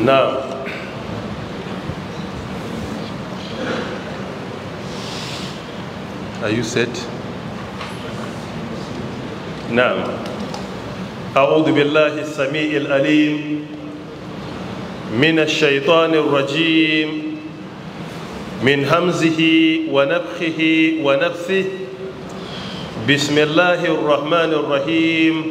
now, Are you set? نعم أعوذ بالله السميع العليم من الشيطان الرجيم من همزه ونفخه ونفثه بسم الله الرحمن الرحيم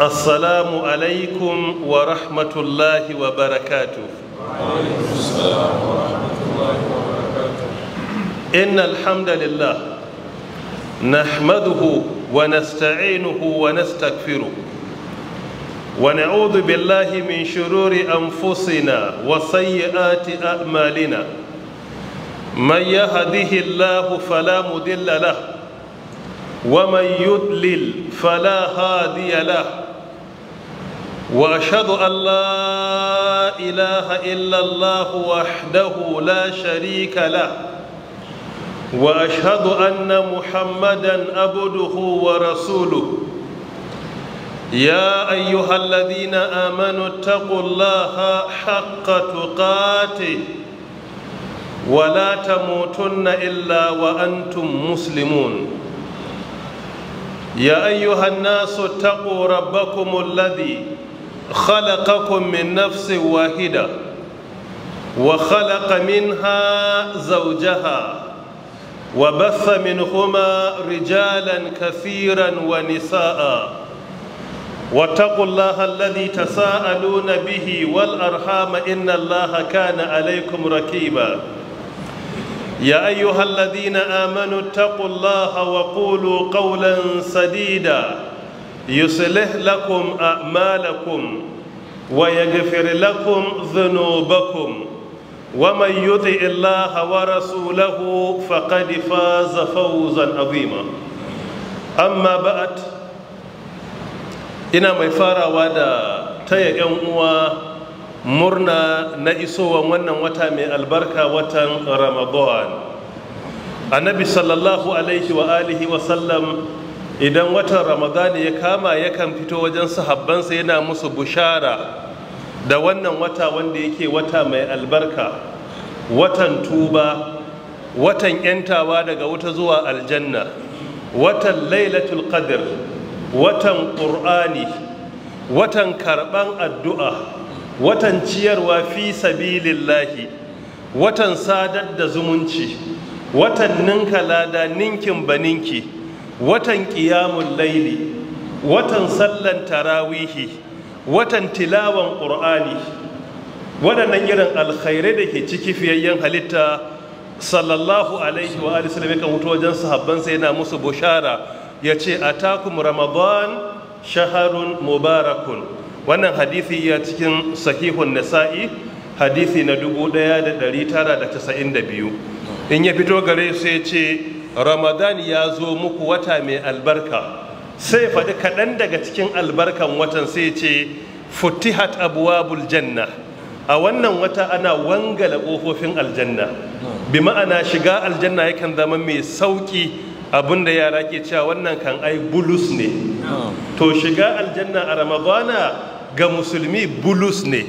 السلام عليكم ورحمة الله وبركاته وعليكم السلام ورحمة الله وبركاته إن الحمد لله نحمده ونستعينه ونستغفره ونعوذ بالله من شرور أنفسنا وسيئات أعمالنا من يهده الله فلا مدل له ومن يدلل فلا هادي له واشهد ان لا اله الا الله وحده لا شريك له واشهد ان محمدا عبده ورسوله يا ايها الذين امنوا اتقوا الله حق تقاته wala tamutunna illa wa antum muslimun يا أيها الناس اتقوا ربكم الذي خلقكم من نفس واحدة وخلق منها زوجها وبث منهما رجالا كثيرا ونساء واتقوا الله الذي تساءلون به والأرحام إن الله كان عليكم ركيباً يا أيها الذين آمنوا اتقوا الله وقولوا قولا سديدا يصلح لكم أعمالكم ويغفر لكم ذنوبكم ومن يطع الله ورسوله فقد فاز فوزا عظيما أما بعد ina mai farawa da taya 'yan uwa murna na isowan wannan wata mai albarka watan ramadan annabi sallallahu alaihi wa alihi wa sallam idan watan ramadan ya kama yakan fito wajen sahabbansa yana musu bushara da wannan wata wanda yake wata mai albarka watan tuba watan yantawa daga wuta zuwa aljanna watan lailatul qadr watan qur'ani watan karban addu'a watan ciyarwa fi sabilillahi watan sadar da zumunci watan ninka lada ninkin baninki watan ƙiyamun laili watan sallan tarawihi watan tilawan ƙur'ani waɗannan irin alkhairai da ke ciki fiyayyen halitta sallallahu alaihi wa alisu kan mutu wajen sahabban sai yana musu bushara ya ce a takum ramadan shaharun mubarakun wannan hadisi ya cikin sahihun nasa'i hadisi na 1992 in ya fito gare su ya ce ramadan ya zo muku wata mai albarka sai faɗi kaɗan daga cikin albarkan watan sai ce futihat abuwa janna a wannan wata ana wangala ƙofofin aljanna bi ma'ana shiga aljanna yakan zama mai sauƙi abinda yara ke cewa wannan kan ai bulus ne to shiga aljanna a ramadana ga musulmi bulus ne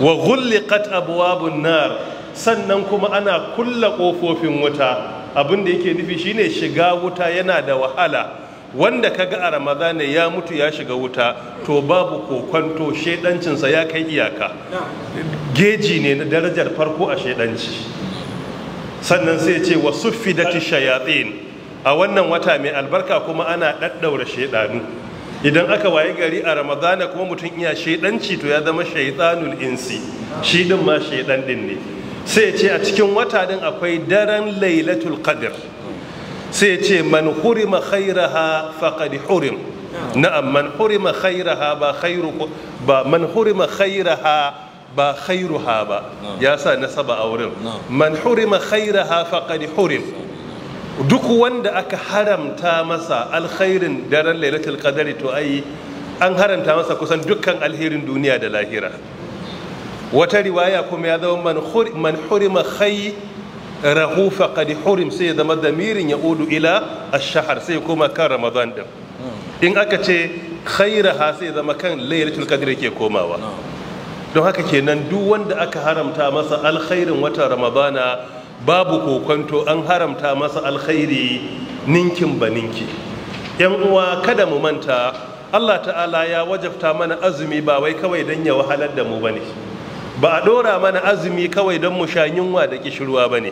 wa ghulliqat abwabun nar sannan kuma ana kulla kofofin wuta abin da yake nufi shine shiga wuta yana da wahala wanda kaga a ramadana ya mutu ya shiga wuta to babu kokonto shedancinsa ya kai iyaka geji ne na darajar farko a shedanci sannan sai ce wa sufidati shayatin a wannan wata mai albarka kuma ana ɗaɗɗaura shaidanu idan aka waye gari a ramadana kuma mutum iya shaidanci to ya zama shaiɗanul insi shi ɗin ma shaidan ɗin ne sai ce a cikin wata ɗin akwai daren lailatul qadr sai ce man hurima khairaha faqad hurim na'am man hurima khairaha ba khairu ba man hurima khairaha ba khairuha ba ya sa nasaba a wurin man hurima khairaha faqad hurim duk wanda aka haramta masa alkhairin daren lailatul qadari to ai an haramta masa kusan dukkan alherin duniya da lahira wata riwaya kuma ya zama man hurima khai rahu faqad hurim sai ya zama damirin ya udu ila ash-shahr sai kuma kan ramadan din hmm. in aka ce khairaha sai ya zama kan lailatul qadri ke komawa hmm. don haka kenan duk wanda aka haramta masa alkhairin watan ramadana babu kokonto an haramta masa alkhairi ninkin ba ninki yan uwa kada mu manta Allah ta'ala ya wajabta mana azumi ba wai kawai don ya wahalar da mu bane ba a dora mana azumi kawai don mu sha yunwa da kishirwa bane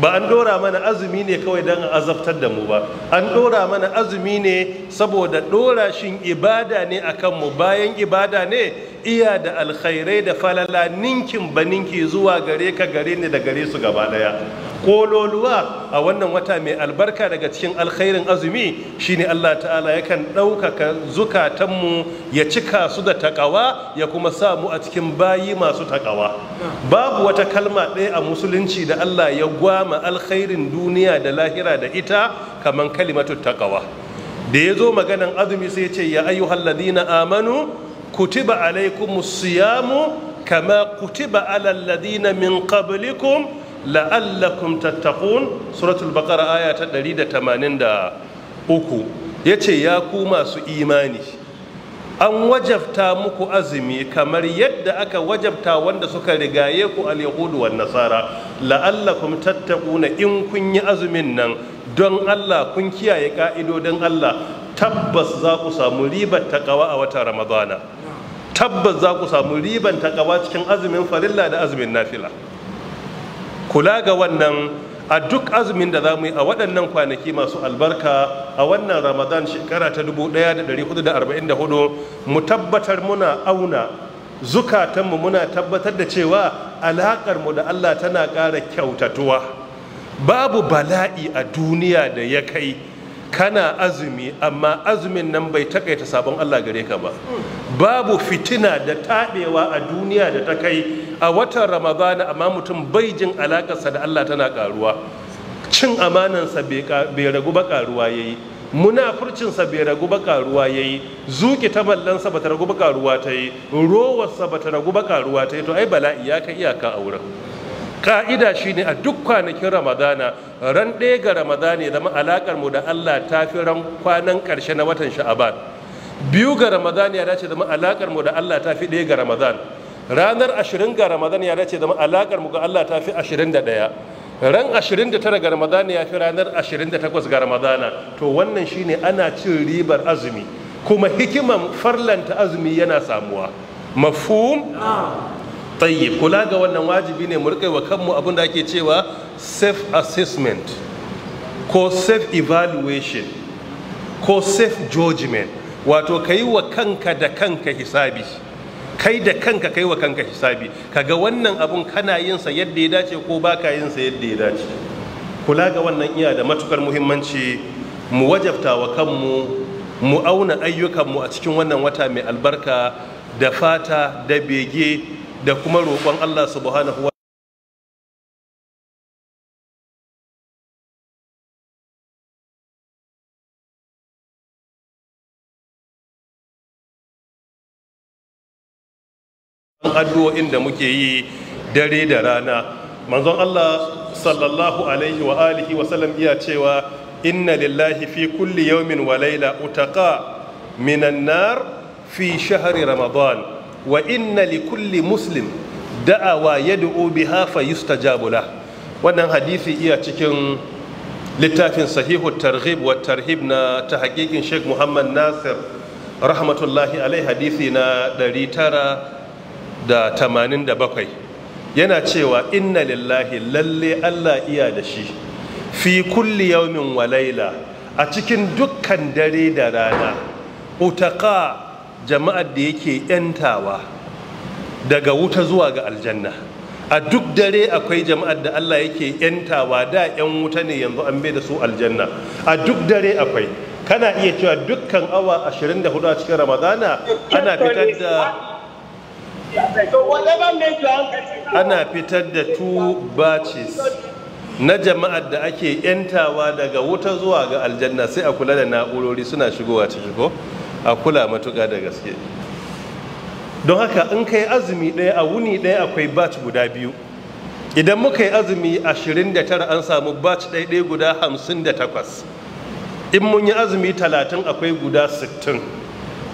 ba an dora mana azumi ne kawai don azabtar da mu ba an dora mana azumi ne saboda dora shin ibada ne a kanmu bayan ibada ne iya da alkhairai da falala ninkin ba ninki zuwa gare ka gare ni da gare su gaba daya kololuwa a wannan wata mai albarka daga cikin alkhairin azumi shine Allah ta'ala yakan ɗaukaka zukatanmu ya cika su da takawa ya kuma sa mu a cikin bayi masu takawa babu wata kalma ɗaya a musulunci da Allah ya gwama alkhairin duniya da lahira da ita kamar kalimatu takawa da ya zo maganan azumi sai ce ya ayyuhal ladina amanu kutiba alaikum siyamu kama kutiba alal ladina min qablikum la'allakum tattaqun suratul baqara aya ta 183 yace ya ku masu imani an wajabta muku azumi kamar yadda aka wajabta wanda suka rigaye ku al-yahudu wan nasara la'allakum tattaquna in kun yi azumin nan don Allah kun kiyaye ka'idodin Allah tabbas za ku samu ribar takawa a watan Ramadana tabbas za ku samu ribar takawa cikin azumin farilla da azumin nafila kula ga wannan a duk azumin da za mu yi a waɗannan kwanaki masu albarka a wannan ramadan shekara ta 1444 mu tabbatar muna auna zukatanmu muna tabbatar da cewa alaƙarmu da allah tana ƙara kyautatuwa babu bala'i a duniya da ya kai kana azumi amma azumin nan bai takaita sabon Allah gare ka ba babu fitina da taɓewa a duniya da ta kai a watan ramadana amma mutum bai jin alakarsa da Allah tana karuwa cin amanansa bai ragu ba karuwa yayi munafurcinsa bai ragu ba karuwa yayi zuki ta mallansa bata ragu ba karuwa ta yi rowarsa bata ragu ba karuwa ta yi to ai bala'i ya kai iyaka a ka'ida shine a duk kwanakin ramadana ran ɗaya ga ramadana ya zama alaƙar mu da Allah ta fi ran kwanan ƙarshe na watan sha'aban biyu ga ramadana ya dace zama alaƙar mu da Allah ta fi ɗaya ga ramadana ranar ashirin ga ramadana ya dace zama alaƙar mu ga Allah ta fi ashirin da ɗaya ran ashirin da tara ga ramadana ya fi ranar ashirin da takwas ga ramadana to wannan shine ana cin ribar azumi kuma hikiman farlanta azumi yana samuwa mafhum tayyib kula ga wannan wajibi ne mu wa kanmu abin da ake cewa self assessment ko self evaluation ko self judgment wato kai wa kanka da kanka hisabi kai da kanka kai wa kanka hisabi kaga wannan abun kana yin sa yadda ya dace ko baka yin sa yadda ya dace kula ga wannan iya da matukar muhimmanci mu wajabta wa kanmu mu auna ayyukanmu a cikin wannan wata mai albarka da fata da bege da kuma roƙon Allah subhanahu wa addu'o'in da muke yi dare da rana manzon Allah sallallahu alaihi wa alihi wa sallam iya cewa inna lillahi fi kulli yawmin wa layla utaqa minan nar fi shahri ramadan wa inna li kulli muslim da'awa yad'u biha fa yustajabu la wannan hadisi iya cikin littafin sahihu targhib wa tarhib na ta hakikin Sheikh Muhammad Nasir rahmatullahi alai hadisi na 987 yana cewa inna lillahi lalle Allah iya da shi fi kulli yawmin wa laila a cikin dukkan dare da rana utaka jama'ar da yake yantawa daga wuta zuwa ga aljanna a duk dare akwai jama'ar da Allah yake yantawa da yan wuta ne yanzu an bai da su aljanna a duk dare akwai kana iya cewa dukkan awa 24 a cikin ramadana ana fitar da ana fitar da two batches na jama'ar da ake yantawa daga wuta zuwa ga aljanna sai a kula da na'urori suna shigowa ciki ko? a kula matuƙa da gaske don haka in kai azumi ɗaya a wuni ɗaya akwai batch guda biyu idan muka yi azumi 29 an samu batch ɗaya-ɗaya guda 58 in mun yi azumi 30 akwai guda 60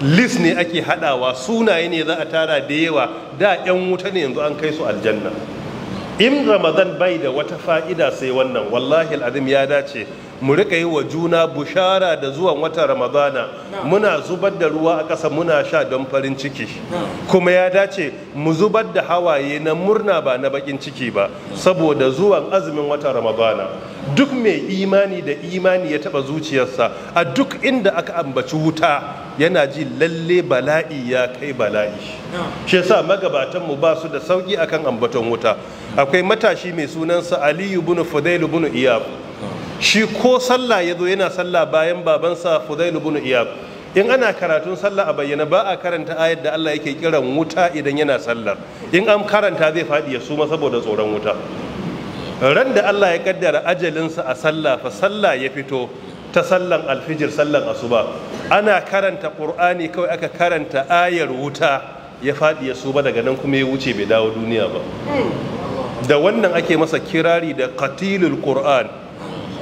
list ne ake haɗawa sunaye ne za a tara da yawa da 'yan wuta ne yanzu an kai su aljanna in ramadan bai da wata fa'ida sai wannan wallahi al'adim ya dace mu rika yi wa juna bushara da zuwan watan ramadana muna zubar da ruwa a ƙasa muna sha don farin ciki kuma ya dace mu zubar da hawaye na murna ba na bakin ciki ba saboda zuwan azumin watan ramadana duk mai imani da imani ya taba zuciyarsa a duk inda aka ambaci wuta yana ji lalle bala'i ya kai bala'i shi yasa magabatan mu ba su da sauki akan ambaton wuta akwai matashi mai sunansa aliyu bunu fudailu bunu iyab shi ko sallah ya zo yana sallah bayan babansa fudailu bin iyab in ana karatun sallah a bayyana ba a karanta ayar da Allah yake kiran wuta idan yana sallar in an karanta zai faɗi ya suma saboda tsoron wuta ran da Allah ya kaddara ajalinsa a sallah fa sallah ya fito ta sallan alfijir sallan asuba ana karanta qur'ani kawai aka karanta ayar wuta ya faɗi ya suma daga nan kuma ya wuce bai dawo duniya ba da wannan ake masa kirari da qatilul qur'an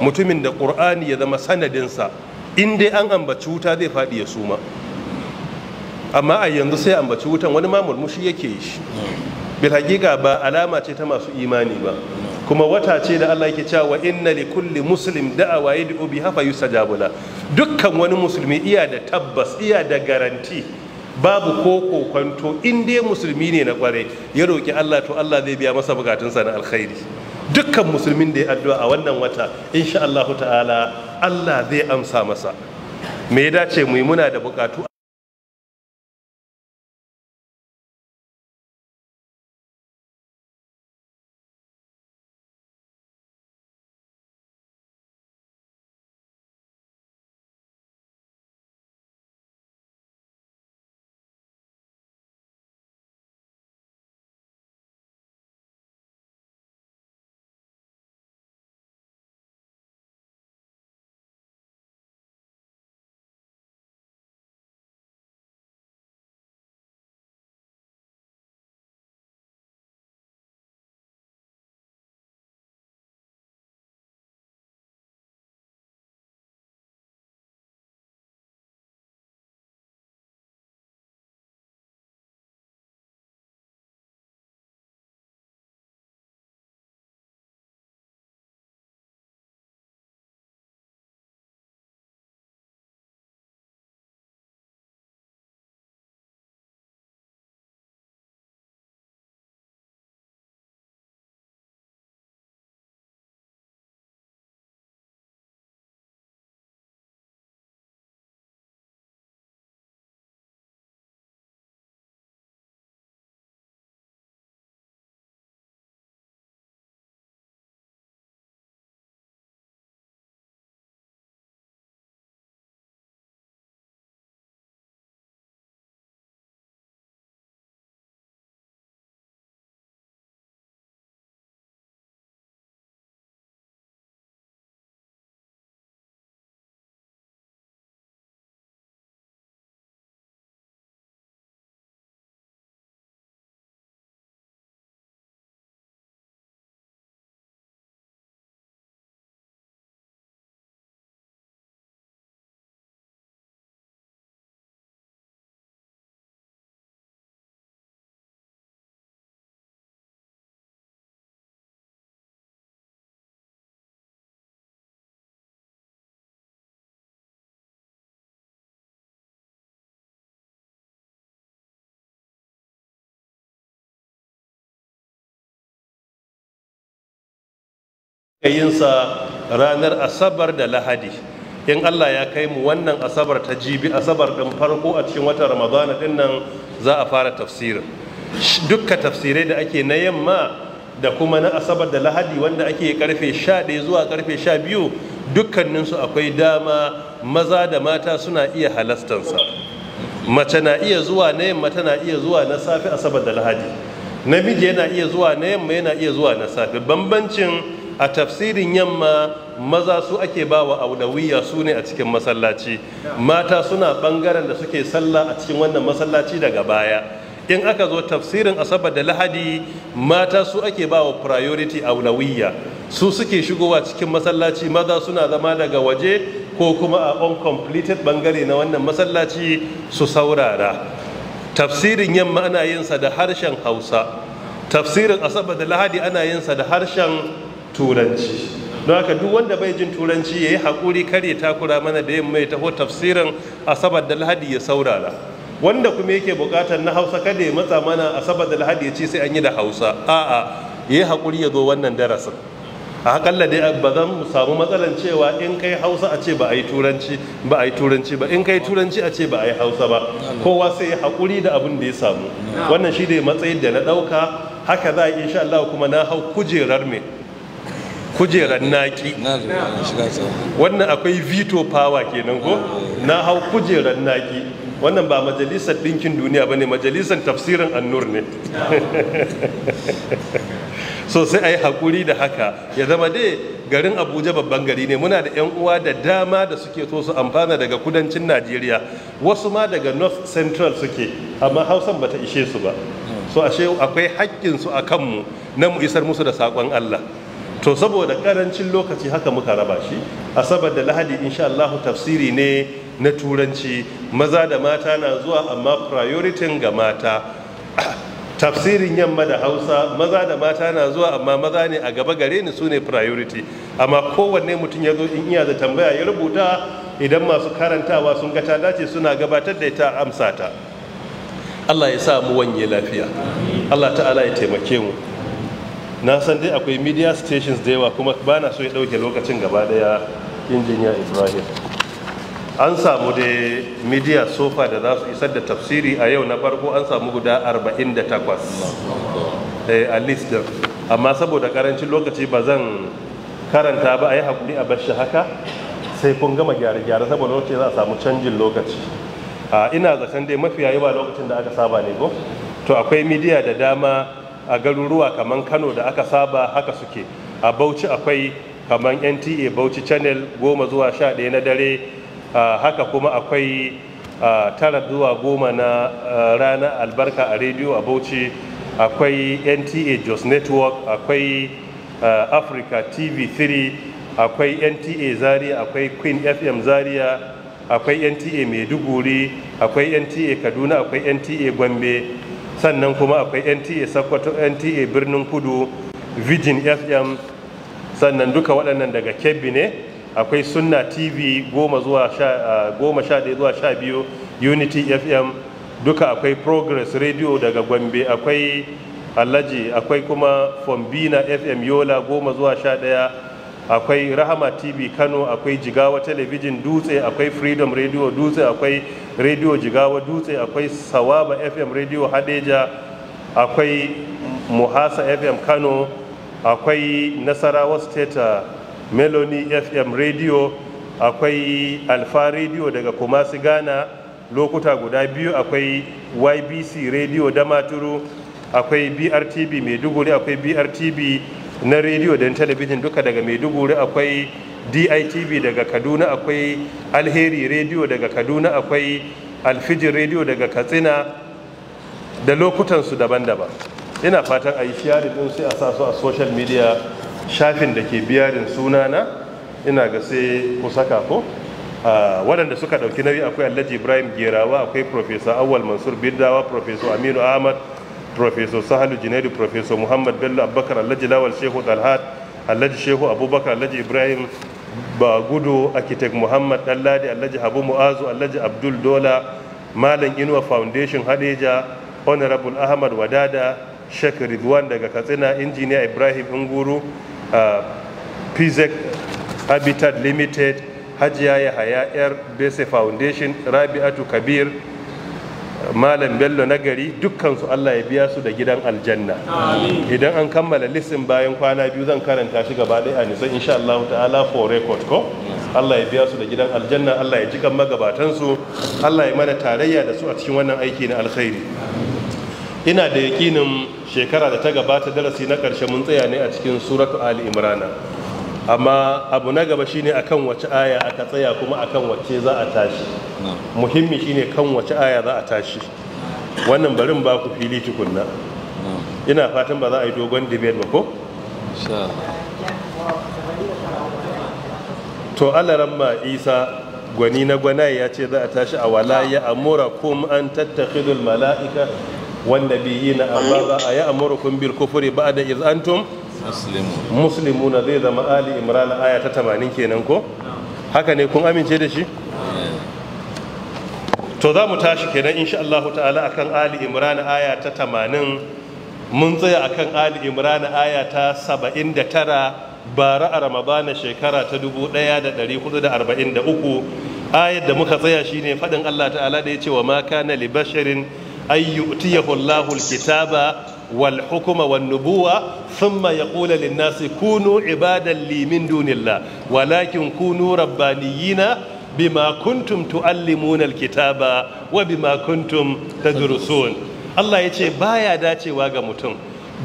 mutumin da ƙur'ani ya zama sanadinsa in dai an ambaci wuta zai faɗi ya suma amma a yanzu sai ambaci wutan wani ma murmushi yake yi shi bil hakika ba alama ce ta masu imani ba kuma wata ce da Allah yake cewa inna li kulli muslim da'awa yad'u biha fa yusajabu la dukkan wani musulmi iya da tabbas iya da garanti babu ko kokonto in dai musulmi ne na kware ya roki Allah to Allah zai biya masa bukatunsa na alkhairi dukkan musulmin da ya addu'a a wannan wata insha Allah ta'ala Allah zai amsa masa me ya dace mu yi muna da bukatu yinsa ranar asabar da lahadi in allah ya kai mu wannan asabar ta jibi asabar ɗin farko a cikin watan ramadana ɗin nan za a fara tafsirin dukka tafsirai da ake na yamma da kuma na asabar da lahadi wanda ake karfe ɗaya zuwa karfe 12 dukkaninsu akwai dama maza da mata suna iya halastansa mace na iya zuwa na yamma tana iya zuwa na safe asabar da lahadi namiji yana iya zuwa na yamma yana iya zuwa na safe bambancin a tafsirin yamma maza su ake ba wa audawiya su ne a cikin masallaci mata suna bangaren da suke sallah a cikin wannan masallaci daga baya in aka zo tafsirin asabar da lahadi mata su ake ba wa priority aulawiya su suke shigowa cikin masallaci maza suna zama daga waje ko kuma a uncompleted bangare na wannan masallaci su saurara tafsirin yamma ana yinsa da harshen hausa tafsirin asabar da lahadi ana yinsa da harshen turanci don haka duk wanda bai jin turanci ya yi haƙuri kare takura mana da yamma mai taho tafsirin asabar da lahadi ya saurara wanda kuma yake buƙatar na hausa kada ya matsa mana asabar da lahadi ya ce sai an yi da hausa a'a ya yi haƙuri ya zo wannan darasin a haƙalla dai ba zan samu matsalan cewa in kai hausa a ce ba a yi turanci ba a yi turanci ba in kai turanci a ce ba a yi hausa ba kowa sai ya haƙuri da abin da ya samu wannan shi ne matsayin da na ɗauka haka za a insha Allah kuma na hau kujerar mai kujerar naki wannan akwai veto power kenan ko na hau kujerar naki wannan ba majalisar ɗinkin duniya ba ne majalisar tafsirin annur ne so sai a yi da haka ya zama dai garin abuja babban gari ne muna da 'yan uwa da dama da suke so su amfana daga kudancin najeriya wasu ma daga north central suke amma hausan bata ishe su ba so ashe akwai haƙƙinsu a kanmu na mu isar musu da saƙon allah to saboda karancin lokaci haka muka raba shi asabar da lahadi insha Allah tafsiri ne na turanci maza da mata na zuwa amma priority ga mata tafsirin yamma da hausa maza da mata na zuwa amma maza ne a gaba gare ni su ne priority amma kowanne mutum ya zo in iya da tambaya ya rubuta idan masu karantawa sun ga ta dace suna gabatar da ita amsa ta Allah ya sa mu wanye lafiya Allah ta'ala ya taimake mu na san dai akwai media stations da yawa kuma ba na so ya ɗauke lokacin gaba daya injiniya ibrahim an samu da media sofa da za su isar da tafsiri a yau na farko an samu guda 48 eh, a list din amma saboda karancin lokaci ba zan karanta ba a yi hakuri a bashi haka sai kun gama gyare-gyare saboda lokaci za a samu canjin lokaci ah, ina zaton dai mafiya yawa lokacin da aka saba ne ko to akwai midiya da dama a garuruwa kamar kano da aka saba haka suke a bauchi akwai kamar nta bauchi channel goma zuwa sha ɗaya na dare haka kuma akwai tara zuwa goma na rana albarka a rediyo a bauchi akwai nta jos network akwai africa tv 3 akwai nta zaria akwai queen fm zaria akwai nta maiduguri akwai nta kaduna akwai nta gombe sannan kuma akwai nta sakwato nta birnin kudu virgin fm sannan duka waɗannan daga kebbi ne akwai sunna tv goma zuwa unity fm duka akwai progress radio daga gombe akwai alhaji akwai kuma fombina fm yola goma zuwa sha akwai rahama tv kano akwai jigawa television dutse akwai freedom radio dutse akwai radio jigawa dutse akwai sawaba fm radio hadeja akwai muhasa fm kano akwai nasarawa state uh, meloni fm radio akwai alfa radio daga kumasi ghana lokuta guda biyu akwai ybc radio damaturu akwai brtb maiduguri akwai brtb na rediyo da talabijin duka daga maiduguri akwai ditv daga kaduna akwai alheri rediyo daga kaduna akwai alfijin rediyo daga katsina da lokutansu daban-daban ina fatan a yi sharing din sai a sa su a social media shafin da ke biyarin sunana ina ga sai ku saka waɗanda suka ɗauki nauyi akwai alhaji ibrahim gerawa akwai professor awal mansur birdawa professor aminu ahmad professor sahalu junaidu professor muhammad bello abubakar alhaji lawal shehu dalhat alhaji shehu abubakar alhaji ibrahim Bagudu architect muhammad ɗanladi alhaji habu mu'azu alhaji abdul dola malam inuwa foundation hadeja honorable ahmad wadada sheikh ridwan daga katsina injiniya ibrahim inguru uh, pizek habitat limited hajiya yahaya Air Base foundation rabi'atu kabir malam bello na gari dukkansu allah ya biya su da gidan aljanna idan an kammala listin bayan kwana biyu zan karanta shi gaba ɗaya a nisan insha allah ta'ala for record ko allah ya biya su da gidan aljanna allah ya ji magabatan su allah ya mana tarayya da su a cikin wannan aiki na alkhairi ina da yakinin shekara da ta gabata darasi na karshe mun tsaya ne a cikin suratu ali imrana amma abu na gaba shine akan wace aya aka tsaya kuma akan wace za a tashi muhimmi shine kan wace aya za a tashi wannan barin ba ku fili tukunna ina fatan ba za a yi dogon debate ba ko to ramma isa gwani na gwanaye ya ce za a tashi a Walaya a amura kum an tattakhidul mala'ika wanda biyi na amma za a ya amura bil kufuri ba da iz antum na zai zama ali imran aya ta tamanin kenan ko haka ne kun amince da shi eh. to za mu tashi kenan insha Allah ta'ala akan ali imran aya ta tamanin mun tsaya akan ali imran aya ta saba'in da tara bara a ramadana shekara ta dubu uku ayar da muka tsaya shi ne faɗin Allah ta'ala da ya ce wa ma kana li basharin ayyutiyahu Allahul kitaba wal hukuma wan nubuwa thumma yaqulu lin nasi kunu ibadan li min dunillah walakin kunu rabbaniyina bimakuntun kuntum tuallimuna alkitaba wa bima kuntum tadrusun Allah ya ce baya dacewa ga mutum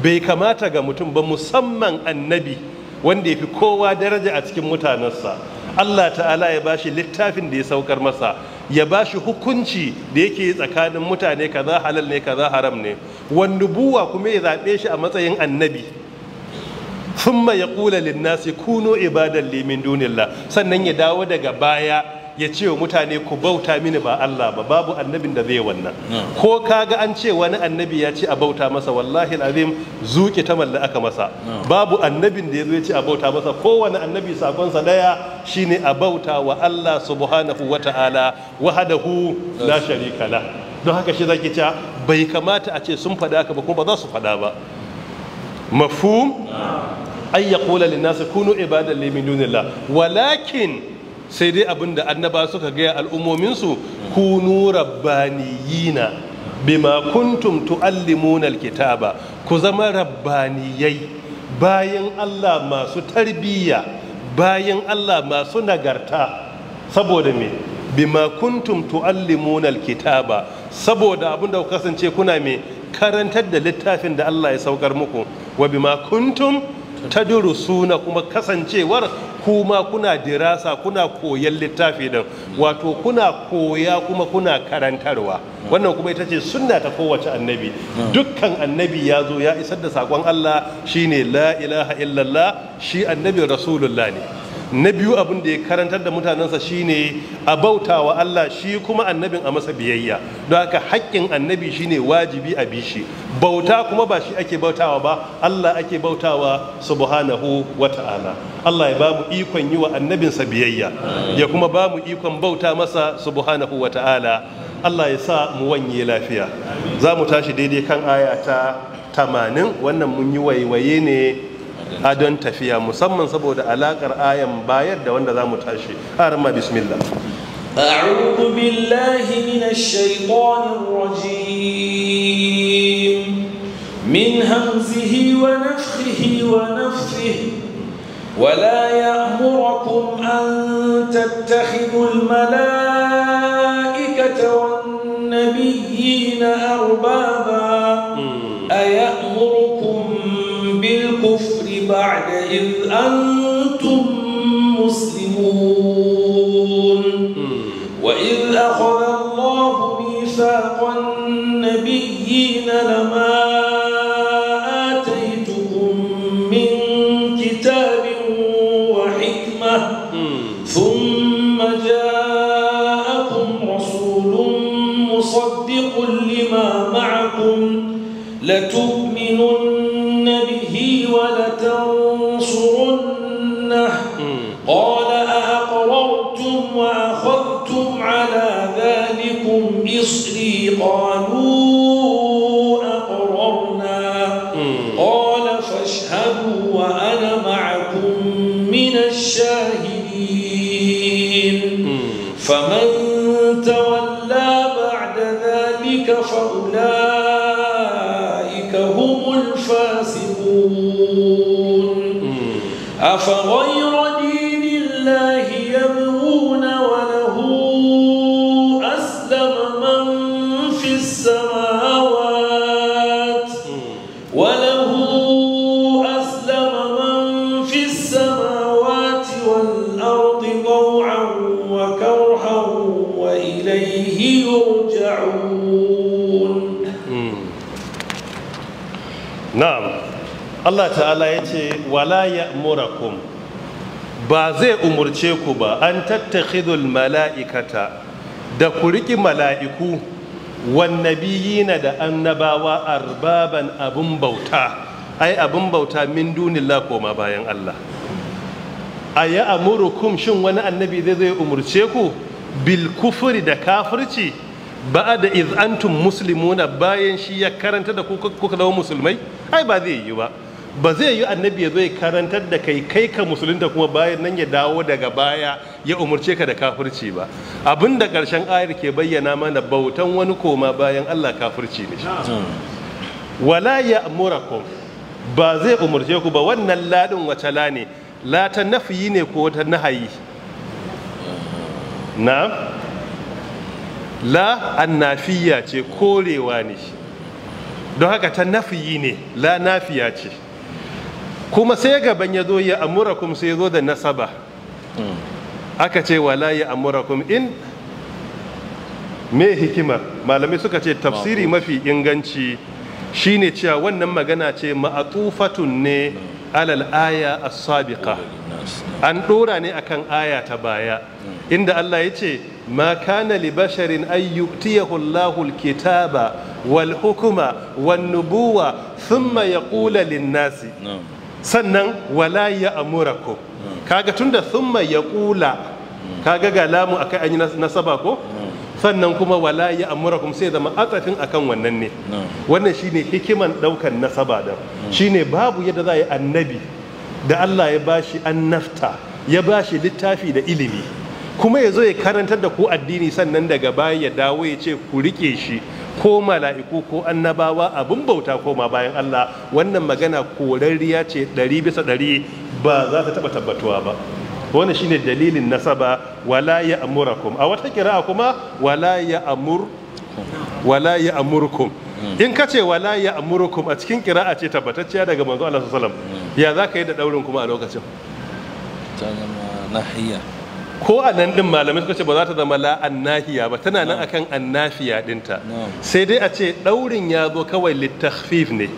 bai kamata ga mutum ba musamman annabi wanda ya fi kowa daraja a cikin mutanensa Allah ta'ala ya bashi littafin da ya saukar masa ya ba shi hukunci da yake tsakanin mutane kaza halal ne kaza haram ne wani buwa kuma ya zaɓe shi a matsayin annabi sun ya ƙula linnasi kuno ibadan limin dunilla sannan ya dawo daga baya ya ce wa mutane ku bauta mini ba Allah ba babu annabin da zai wannan ko kaga an ce wani annabi ya ce a bauta masa wallahi alazim zuki ta malla aka masa babu annabin da ya zo ya ce a bauta masa Ko wani annabi sa daya shine a bauta wa Allah subhanahu wata'ala wahdahu la sharika la don haka shi zaki ce bai kamata a ce sun faɗa ka ba kuma ba za su faɗa ba mafhum an yaqula lin-nasi kunu ibadan li min dunillah walakin sai dai abin da annaba suka gaya al'ummominsu ku kunu baniyina bima kuntum tuallimuna alkitaba ku zama rabbaniyai bayan Allah masu tarbiyya bayan Allah masu nagarta saboda me bima kuntum tuallimuna alkitaba saboda abin da ku kasance kuna me karantar da littafin da Allah ya saukar muku wa bima kuntum tadrusuna kuma kasancewar kuma kuna dirasa kuna koyan littafi din wato kuna koya kuma kuna karantarwa wannan kuma ita ce sunna ta kowace annabi dukkan annabi ya zo ya isar da sakon Allah shine la ilaha illallah shi annabi rasulullah ne na biyu abin da ya karantar da mutanensa shine a bauta wa Allah shi kuma annabin a masa biyayya don haka haƙƙin annabi shine wajibi a bi bauta kuma ba shi ake bautawa ba Allah ake bautawa subhanahu wa ta'ala Allah ya ba mu ikon yi wa annabinsa biyayya ya kuma ba mu ikon bauta masa subhanahu wa ta'ala Allah ya sa mu wanye lafiya za mu tashi daidai kan aya ta 80 wannan mun yi waiwaye ne adon tafiya musamman saboda alakar ayan bayar da wanda za mu tashi harma bismillah أعوذ بالله من الشيطان الرجيم من همزه ونفخه ونفثه ولا يأمركم أن تتخذوا الملائكة والنبيين أربابا أيأمركم بعد إذ أنتم مسلمون وإذ أخذ الله ميثاق النبيين لما فمن تولى بعد ذلك فأولئك هم الفاسقون أفغير دين الله Allah ta'ala ya ce wala ya'murakum ba zai umurce ku ba an tattakhidul mala'ikata da ku riƙi mala'iku wannabiyina da annabawa arbaban abin bauta ai abin bauta min dunillah koma bayan Allah a ya amurukum shin wani annabi zai zai umurce ku bil kufuri da kafirci ba da izantun musulmuna bayan shi ya karanta da kuka zama musulmai ai ba zai yi ba ba zai yi annabi ya zo ya karantar da kai kai ka musulunta kuma bayan nan ya dawo daga baya ya umarce ka da kafirci ba abin da karshen ayar ke bayyana mana bautan wani koma bayan Allah kafirci ne wala ya amurakum ba zai umarce ku ba wannan ladin wace la ne la ta ne ko ta nahayi na la annafiya ce korewa ne don haka ta nafyi ne la nafiya ce kuma sai gaban ya zo ya amurakum sai zo da nasaba hmm. aka ce wala ya amurakum in me hikimar malamai suka ce tafsiri mafi inganci shine cewa wannan magana ce ma'atufatun ne hmm. alal aya as-sabiqa an dora ne akan aya ta baya hmm. inda Allah ya ce ma kana li basharin an yu'tiyahu Allahu al-kitaba wal hukma wan nubuwa thumma yaqula lin-nasi sannan wala ya amura ko kaga tunda thumma kula. kaga ga lamu akai an yi nasaba ko sannan kuma wala ya amura kum sai zama atsafin akan wannan ne wannan shine hikiman daukan nasaba da shine babu yadda za a yi annabi da Allah ya bashi annafta ya bashi littafi da ilimi kuma ya zo ya karantar da ku addini sannan daga baya ya dawo ya ce ku rike shi ko mala'iku ko annabawa abin bauta koma bayan Allah wannan magana korarriya ce ɗari bisa ɗari ba za ta taɓa tabbatuwa ba wannan shine dalilin nasaba wala ya amurakum a wata kira kuma wala ya amur wala in ka ce wala ya amurkum a cikin kira'a ce tabbatacciya daga manzo Allah sallallahu alaihi ya za ka yi da daurin kuma a lokacin ta nahiya ko a nan din malamai suka ce ba za ta zama la annahiya ba tana nan akan annafiya dinta sai dai a ce daurin ya zo kawai littakhfif ne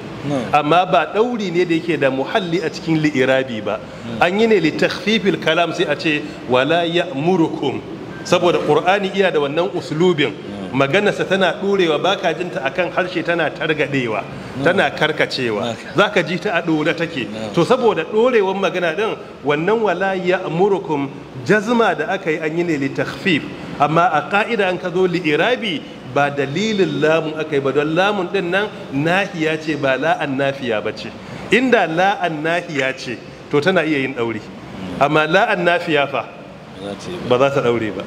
amma ba dauri ne da yake da muhalli a cikin li'irabi ba an yi ne littakhfifil kalam sai a ce wala murukum saboda qur'ani iya da wannan uslubin maganarsa tana ɗorewa baka jinta akan harshe tana targadewa tana karkacewa zaka ji ta a ɗore take to saboda ɗorewar magana ɗin wannan wala ya amurukum jazma da aka yi an yi ne litakfif amma a ka'ida an ka zo li'irabi ba dalilin lamun aka yi ba don lamun ɗin nan nahiya ce ba la'an nafiya ba ce inda la'an nahiya ce to tana iya yin ɗauri amma la'an nafiya fa ba za ta ɗaure ba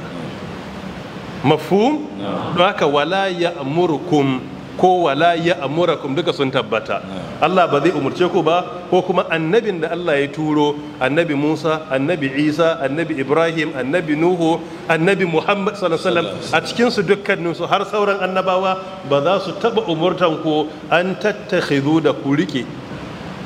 mafhum don haka wala ya'murukum ko wala ya'murakum duka sun tabbata Allah ba zai umurce ku ba ko kuma annabin da Allah ya turo annabi Musa annabi Isa annabi Ibrahim annabi Nuhu annabi Muhammad sallallahu alaihi wasallam a cikin su su har sauran annabawa ba za su taba umurtan ku an tattakhidhu da ku rike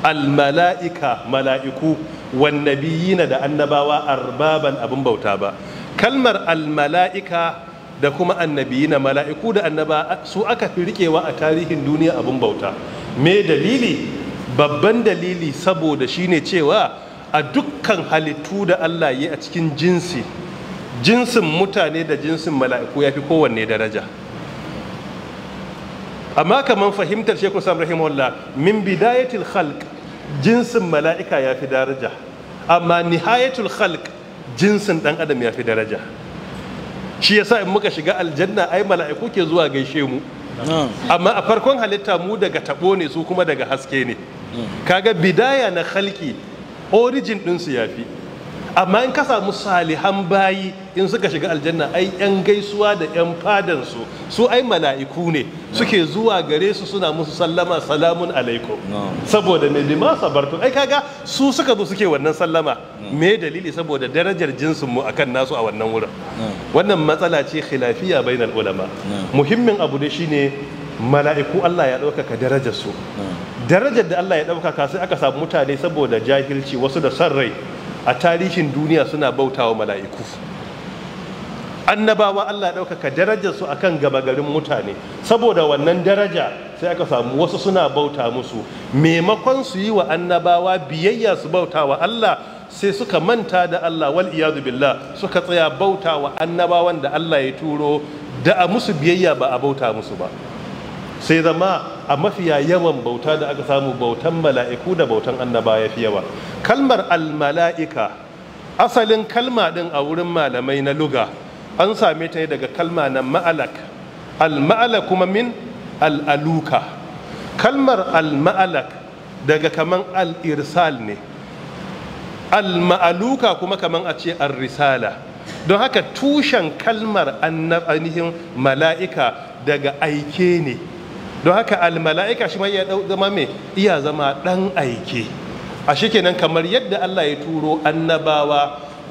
almala'ika mala'iku wannabiyina da annabawa arbaban abin bauta ba kalmar almala'ika da kuma annabi na mala'iku da annaba su aka fi riƙewa a tarihin duniya abin bauta me dalili babban dalili saboda shine cewa a dukkan halittu da Allah yi a cikin jinsi jinsin mutane da jinsin mala'iku ya fi kowanne daraja amma kamar fahimtar shekul sam rahimahullah min bidayatul khalq jinsin mala'ika ya fi daraja amma nihayatul khalq jinsin ɗan adam ya fi daraja shi yasa in muka shiga aljanna ai mala'iku ke zuwa gaishe mu amma a farkon halitta mu daga tabo ne su kuma daga haske ne kaga bidaya na halki origin din su yafi amma in ka samu salihan bayi in suka shiga aljanna ai yan gaisuwa da yan fadan su su ai mala'iku ne suke zuwa gare su suna musu sallama salamun alaikum saboda me bima sabartu ai kaga su suka zo suke wannan sallama me dalili saboda darajar jinsin mu akan nasu a wannan wurin wannan matsala ce khilafiya bainal ulama muhimmin abu da shine mala'iku Allah ya ɗaukaka darajar su darajar da Allah ya ɗaukaka sai aka samu mutane saboda jahilci wasu da son rai a tarihin duniya suna bautawa mala'iku annabawa Allah ɗaukaka daraja su akan gaba garin mutane saboda wannan daraja sai aka samu wasu suna bauta musu maimakon su yi wa annabawa biyayya su bauta wa Allah sai suka manta da Allah wal iyadu billah suka tsaya bauta wa annabawan da Allah ya turo da a musu biyayya ba a bauta musu ba sai zama a mafiya yawan bauta da aka samu bautan mala'iku da bautan annaba ya fi yawa kalmar almala'ika asalin kalma din a wurin malamai na luga an same ta daga kalma na ma'alak Al-ma'alak kuma min al'aluka kalmar al-ma'alak daga kaman al'irsal ne Al-ma'aluka kuma kaman a ce al-risala don haka tushen kalmar ainihin mala'ika daga aike ne don haka almala'ika shi mai iya zama mai iya zama ɗan aike a kenan kamar yadda Allah ya turo annabawa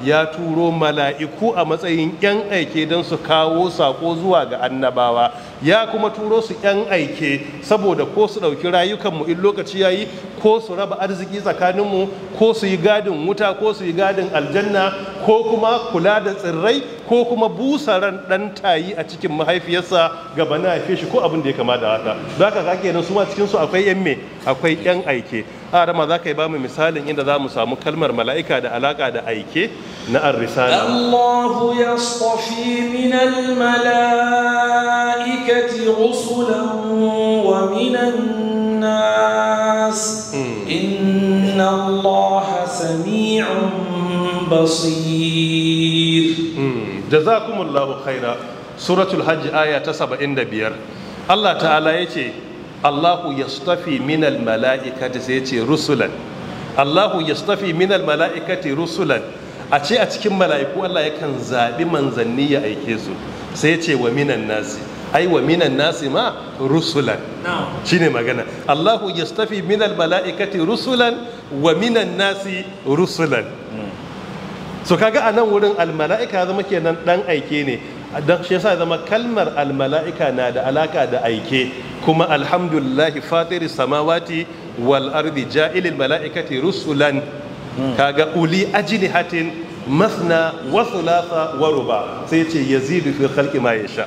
ya turo mala'iku a matsayin ‘yan aike don su kawo sako zuwa ga annabawa ya kuma turo su yan aike saboda ko su ɗauki rayukanmu in lokaci yayi, ko su raba arziki tsakaninmu ko su yi gadin wuta ko su yi gadin aljanna ko kuma kula da tsirrai ko kuma busa ran ɗan tayi a cikin mahaifiyarsa gaba na haife shi ko abin da ya kamata da haka za ka kake nan su ma cikinsu akwai yan me akwai yan aike a rama za ka yi ba mu misalin inda za mu samu kalmar mala'ika da alaka da aike na arrisala Allahu yastafi min al-mala'ika الملائكة رسلا ومن الناس إن الله سميع بصير جزاكم الله خيرا سورة الحج آية 75 الله تعالى يتي الله يصطفي من الملائكة سيتي رسلا الله يصطفي من الملائكة رسلا a ce a cikin mala'iku Allah yakan zaɓi manzanni ya aike su sai ce wa minan nasi ai wa minan nasi ma rusulan shine magana Allahu yastafi min mala'ikati rusulan wa minan nasi rusulan so kaga a nan wurin almala'ika zama kenan dan aike ne don shi yasa zama kalmar almala'ika na da alaka da aike kuma alhamdulillahi fatiri samawati wal ardi ja'ilil mala'ikati rusulan hmm. kaga uli ajlihatin masna wa thulatha wa ruba sai ce yazidu fi khalqi ma sha.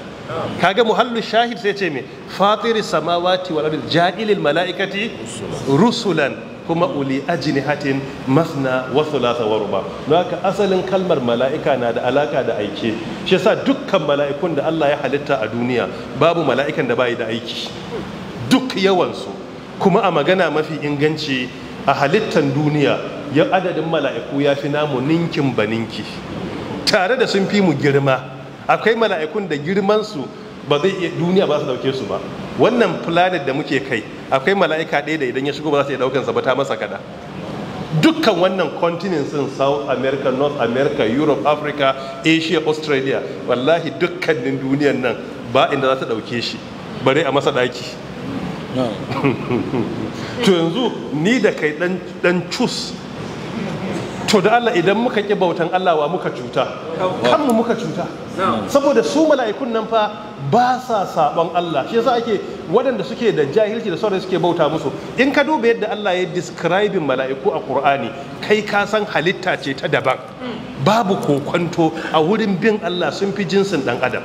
kaga muhallu shahid sai ce mai fatiris samawati wal ardi ja'ilil malaikati rusulan kuma uli ajnihatin masna wa thulatha wa ruba haka asalin kalmar mala'ika na da alaka da aike shi yasa dukkan mala'ikun da Allah ya halitta a duniya babu mala'ikan da bai da aiki duk yawansu kuma a magana mafi inganci a halittan duniya ya adadin mala'iku ya fi namu ninkin baninki tare da sun fi mu girma akwai mala'ikun da girman su ba zai iya duniya ba su dauke su ba wannan planet da muke kai akwai mala'ika ɗaya da idan ya shigo ba za su iya daukan sa ba ta masa kada dukkan wannan continents din South America, North America, Europe, Africa, Asia, Australia wallahi dukkanin duniyan nan ba inda za ta dauke shi bare a masa daki to yanzu ni da kai dan cus to da Allah idan muka ki bautan Allah wa muka cuta kanmu muka cuta saboda su mala'ikun nan fa ba sa sabon Allah shi yasa ake waɗanda suke da jahilci da sauran suke bauta musu in ka duba yadda Allah ya describe mala'iku a Qur'ani kai ka san halitta ce ta daban babu kokwanto a wurin bin Allah sun fi jinsin dan adam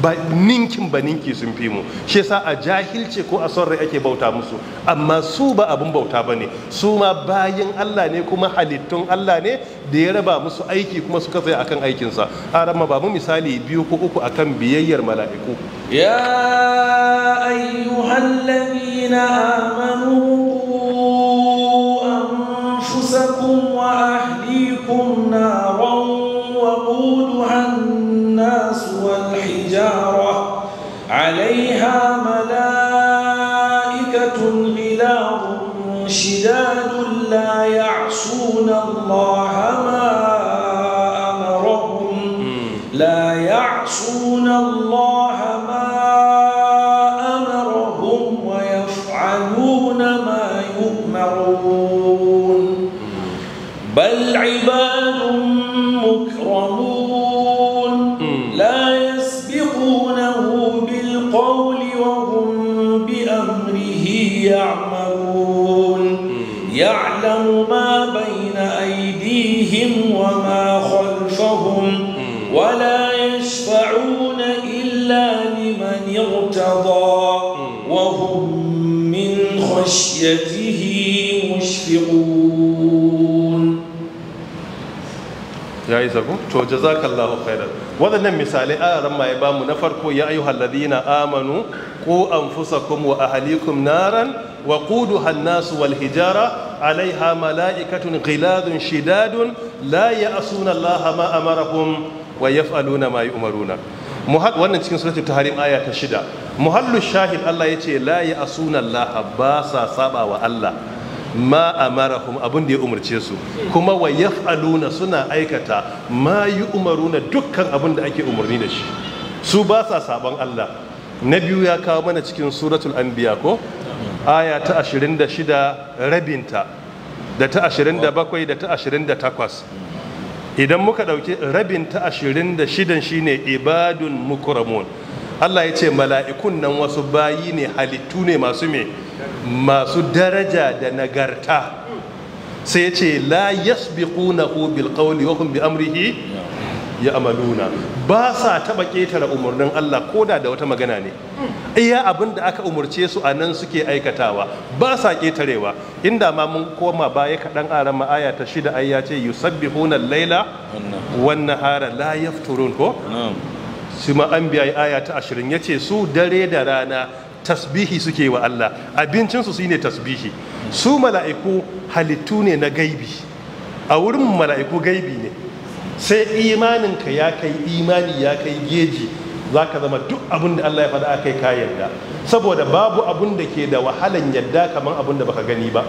ba ninkin ba ninki sun fi mu shi yasa a jahilce ko a son rai ake bauta musu amma su ba abin bauta ba ne su ma bayan Allah ne kuma halittun Allah ne da ya raba musu aiki kuma suka tsaya akan aikinsa arama ba mu misali biyu ko uku akan biyayyar mala'iku ya ayyuhallazina amanu anfusakum wa ahlikum رسول الله ya yi zago to jazakallahu khairan waɗannan misalai a ran ya bamu na farko ya ayu halladina amanu ku anfusakum wa ahlikum naran wa quduha an-nas wal hijara alaiha malaikatun ghiladun shidadun la ya'suna allaha ma amarahum wa yaf'aluna ma yu'maruna muhad wannan cikin suratul tahrim aya ta shida muhallu shahid Allah yace la ya'suna allaha ba sa saba wa Allah ma amarahum abin da ya umarce su kuma wa yaf'aluna suna aikata ma yi yu'maruna dukkan abin da ake umarni da shi su ba sa saban Allah na biyu ya kawo mana cikin suratul anbiya ko aya ta 26 rabinta da ta 27 da ta 28 idan muka dauki rabin ta 26 shine ibadun mukramun Allah ya ce mala'ikun nan wasu bayi ne halittu ne masu me masu daraja da nagarta sai ce la yasbiqunahu bil qawli wa hum bi amrihi ya amaluna ba sa taba ketare umarnin Allah ko da wata magana ne iya abin da aka umarce su anan suke aikatawa ba sa ketarewa inda ma mun koma baya kaɗan aran ma'aya ta shida ai ya ce yusabbihuna laila wan nahara la yafturun ko Su ma an biya aya ta ashirin ya ce su dare da rana tasbihi suke wa Allah abincinsu su ne tasbihi su mala'iku halittu ne na gaibi a wurin mala'iku gaibi ne sai imaninka ya kai imani ya kai geji za ka zama duk abin da Allah ya faɗa kai ka yarda saboda babu abin da ke da wahalan yarda kamar abin da baka gani ba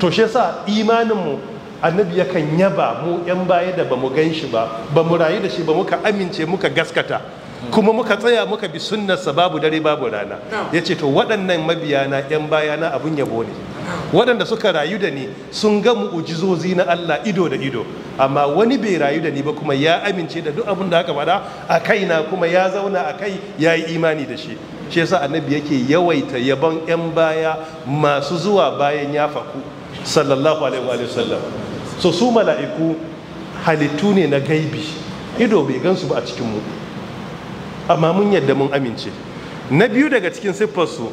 to shi yasa imaninmu annabi yakan yaba mu yan baya da bamu gan shi ba bamu rayu da shi ba muka amince muka gaskata kuma muka tsaya muka bi sunnarsa babu dare babu rana ya ce to waɗannan mabiya mabiyana 'yan na abun yabo ne waɗanda suka rayu da ni sun ga mu'ujizozi na Allah ido da ido amma wani bai rayu da ni ba kuma ya amince da duk abin da aka faɗa a na kuma ya zauna a kai ya yi imani da shi shi yasa annabi yake yawaita yabon 'yan baya masu zuwa bayan ya faku sallallahu alaihi wa sallam so su mala'iku halittu ne na gaibi ido bai gansu ba a cikin mu amma mun yadda mun amince na biyu daga cikin siffarsu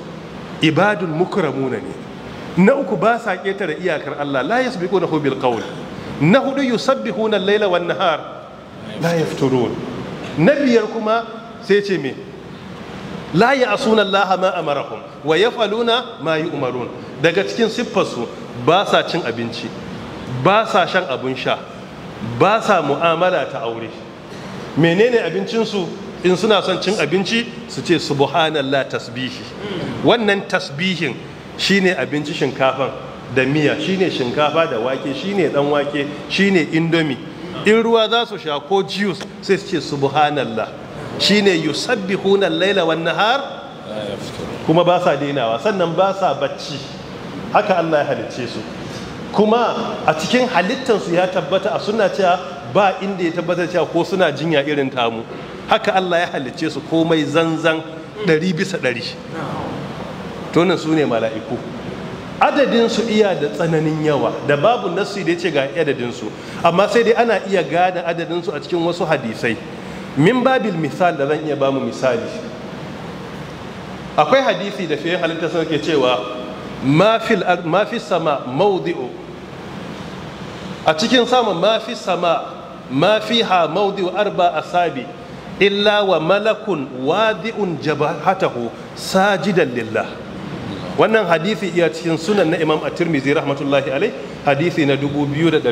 ibadun mukramuna ne na uku ba sa ƙetare iyakar Allah la na bil qawl na hudu yusabbihuna al-laila wan nahar la yafturun na biyar kuma sai ce me la ya'suna Allah ma amarahum wa yaf'aluna ma yu'marun daga cikin siffarsu ba sa cin abinci ba sa shan abun sha ba sa mu'amala ta aure menene abincinsu in suna son cin abinci su ce subhanallah tasbihi wannan tasbihin shine abinci shinkafan da miya shine shinkafa da wake shine dan wake shine indomi in ruwa za su sha ko juice sai su ce subhanallah shine yusabbihuna al-laila wan nahar kuma ba sa dainawa sannan ba sa bacci haka Allah ya halicce su kuma a cikin halittansu ya tabbata a suna cewa ba inda ya tabbata cewa ko suna jinya irin tamu haka Allah ya halicce su komai zanzan ɗari bisa ɗari tonin su ne mala'iku adadinsu iya da tsananin yawa da babu nasu da ya ce ga adadinsu amma sai dai ana iya gane adadinsu a cikin wasu hadisai min babil misal da zan iya bamu misali akwai hadisi da fiye halitta sun ke cewa mafi sama maudi'u a cikin sama mafi sama mafi ha maudi'u arba asabi illa wa malakun wadi'un jabahatahu sajidan lillah wannan hadisi iya cikin sunan na imam at-tirmidhi rahmatullahi alai hadisi na 2312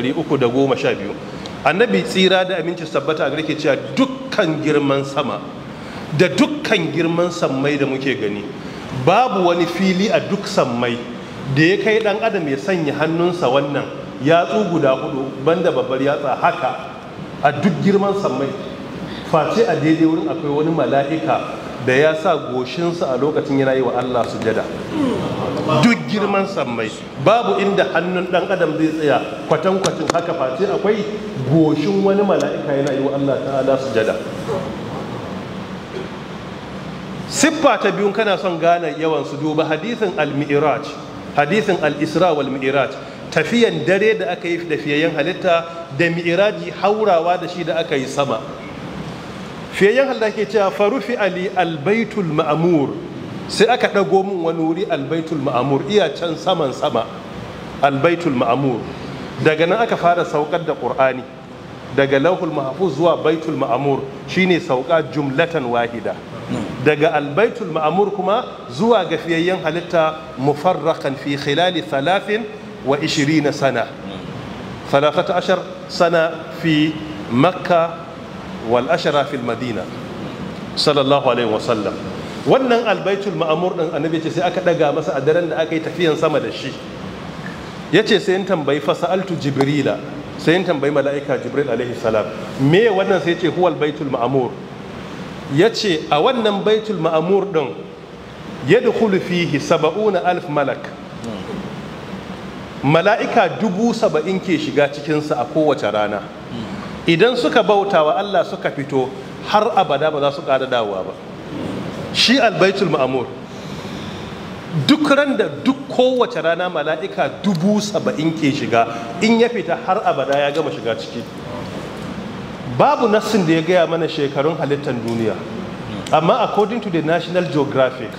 annabi tsira da aminci sabbata a garke cewa dukkan girman sama da dukkan girman sammai da muke gani babu wani fili a duk sammai da ya kai dan adam ya sanya hannunsa wannan yatsu guda hudu banda babbar yatsa haka a duk girman sammai face a daidai wurin akwai wani mala'ika da ya sa goshinsa a lokacin yana yi wa Allah sujada duk girman sammai babu inda hannun dan adam zai tsaya kwatankwacin haka face akwai goshin wani mala'ika yana yi wa Allah ta'ala sujada siffa ta biyun kana son gane yawan su duba hadisin al-mi'raj hadisin al-isra wal mi'raj tafiyan dare da aka yi da fiyayen halitta da mi'raji haurawa da shi da aka yi sama fiyayyen halda ke cewa farufi ali albaitul ma'amur sai aka ɗago mun wani wuri albaitul ma'amur iya can saman sama albaitul ma'amur daga nan aka fara saukar da ƙur'ani daga lauhul mahfuz zuwa baitul ma'amur shine sauka jumlatan wahida daga albaitul ma'amur kuma zuwa ga fiyayyen halitta mufarrakan fi khilali 30 wa ishirina sana 13 sana fi makka wal ashara fil madina sallallahu alaihi wasallam wannan albaitul ma'amur din annabi ce sai aka daga masa a daren da aka yi tafiyan sama da shi ce sai in tambayi fasaltu jibrila sai in tambayi mala'ika jibril alaihi salam me wannan sai ce huwal baitul ma'amur yace a wannan baitul ma'amur din yadkhulu fihi 70 alf malak mala'ika dubu saba'in ke shiga cikinsa a kowace rana idan suka bauta wa Allah suka fito har abada ba za su ƙara dawowa ba shi albaitul ma'amur duk ran da duk kowace rana mala'ika dubu saba'in ke shiga in ya fita har abada ya gama shiga ciki babu nassin da ya gaya mana shekarun halittar duniya amma according to the national geographic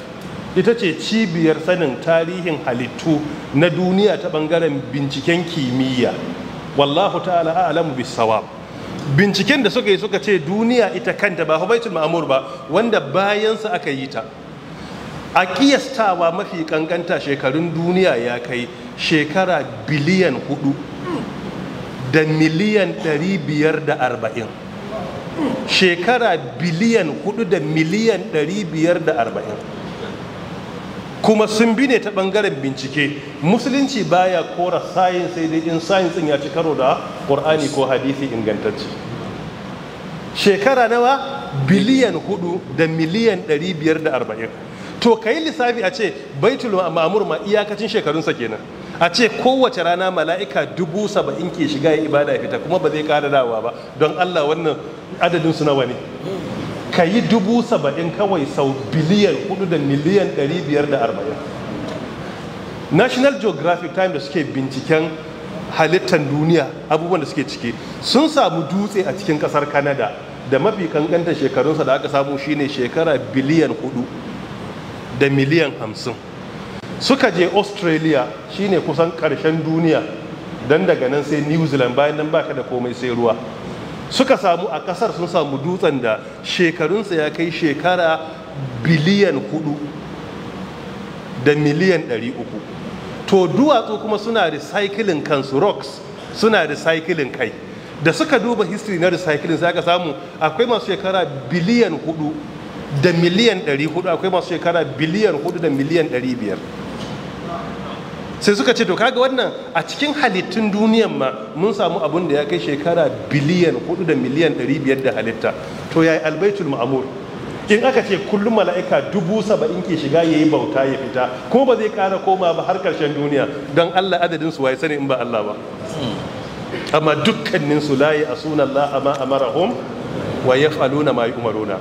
ita ce cibiyar sanin tarihin halittu na duniya ta ɓangaren binciken kimiyya wallahu ta'ala a'lamu bisawa. binciken da suka yi suka ce duniya ita kanta ba hubaitul ma'amur ba wanda bayan sa aka yi ta a kiyastawa mafi kankanta shekarun duniya ya kai shekara biliyan hudu da miliyan biyar da arba'in. shekara biliyan hudu da miliyan biyar da arba'in. kuma sun bi ne ta bangaren bincike musulunci baya kora sayin sai dai in sayin din ya ci karo da qur'ani ko hadisi ingantacce shekara nawa biliyan hudu da miliyan 540 to kai lissafi a ce baitul ma'mur ma iyakacin shekarunsa kenan a ce kowace rana mala'ika dubu saba'in ke shiga ya ibada ya fita kuma ba zai ƙara dawa ba don allah wannan adadin su nawa ne ka yi dubu saba'in kawai sau biliyan hudu da miliyan ɗari biyar da arba'in national geographic time da suke binciken halittar duniya abubuwan da suke ciki sun samu dutse a cikin kasar canada da mafi kankanta shekarunsa da aka samu shine shekara biliyan hudu da miliyan hamsin suka je australia shine kusan karshen duniya don daga nan sai new zealand bayan nan baka da komai sai ruwa suka samu a kasar sun samu dutsen da shekarunsa ya kai shekara biliyan hudu da miliyan ɗari uku to duwatsu kuma suna recycling kansu rocks suna recycling kai da suka duba history na recycling sai aka samu akwai masu shekara biliyan hudu da miliyan ɗari hudu akwai masu shekara biliyan hudu da miliyan ɗari biyar sai suka ce to kaga wannan a cikin halittun duniyan ma mun samu abun da ya kai shekara biliyan 4 da miliyan 500 da halitta to yayi albaitul ma'mur in aka ce kullum mala'ika dubu saba'in ke shiga ya yi bauta ya fita ko ba zai kara koma ba har karshen duniya don allah adadin su waye sani in ba allah ba amma dukkanin su layi a sunan a amma amarahum wa faluna ma umaruna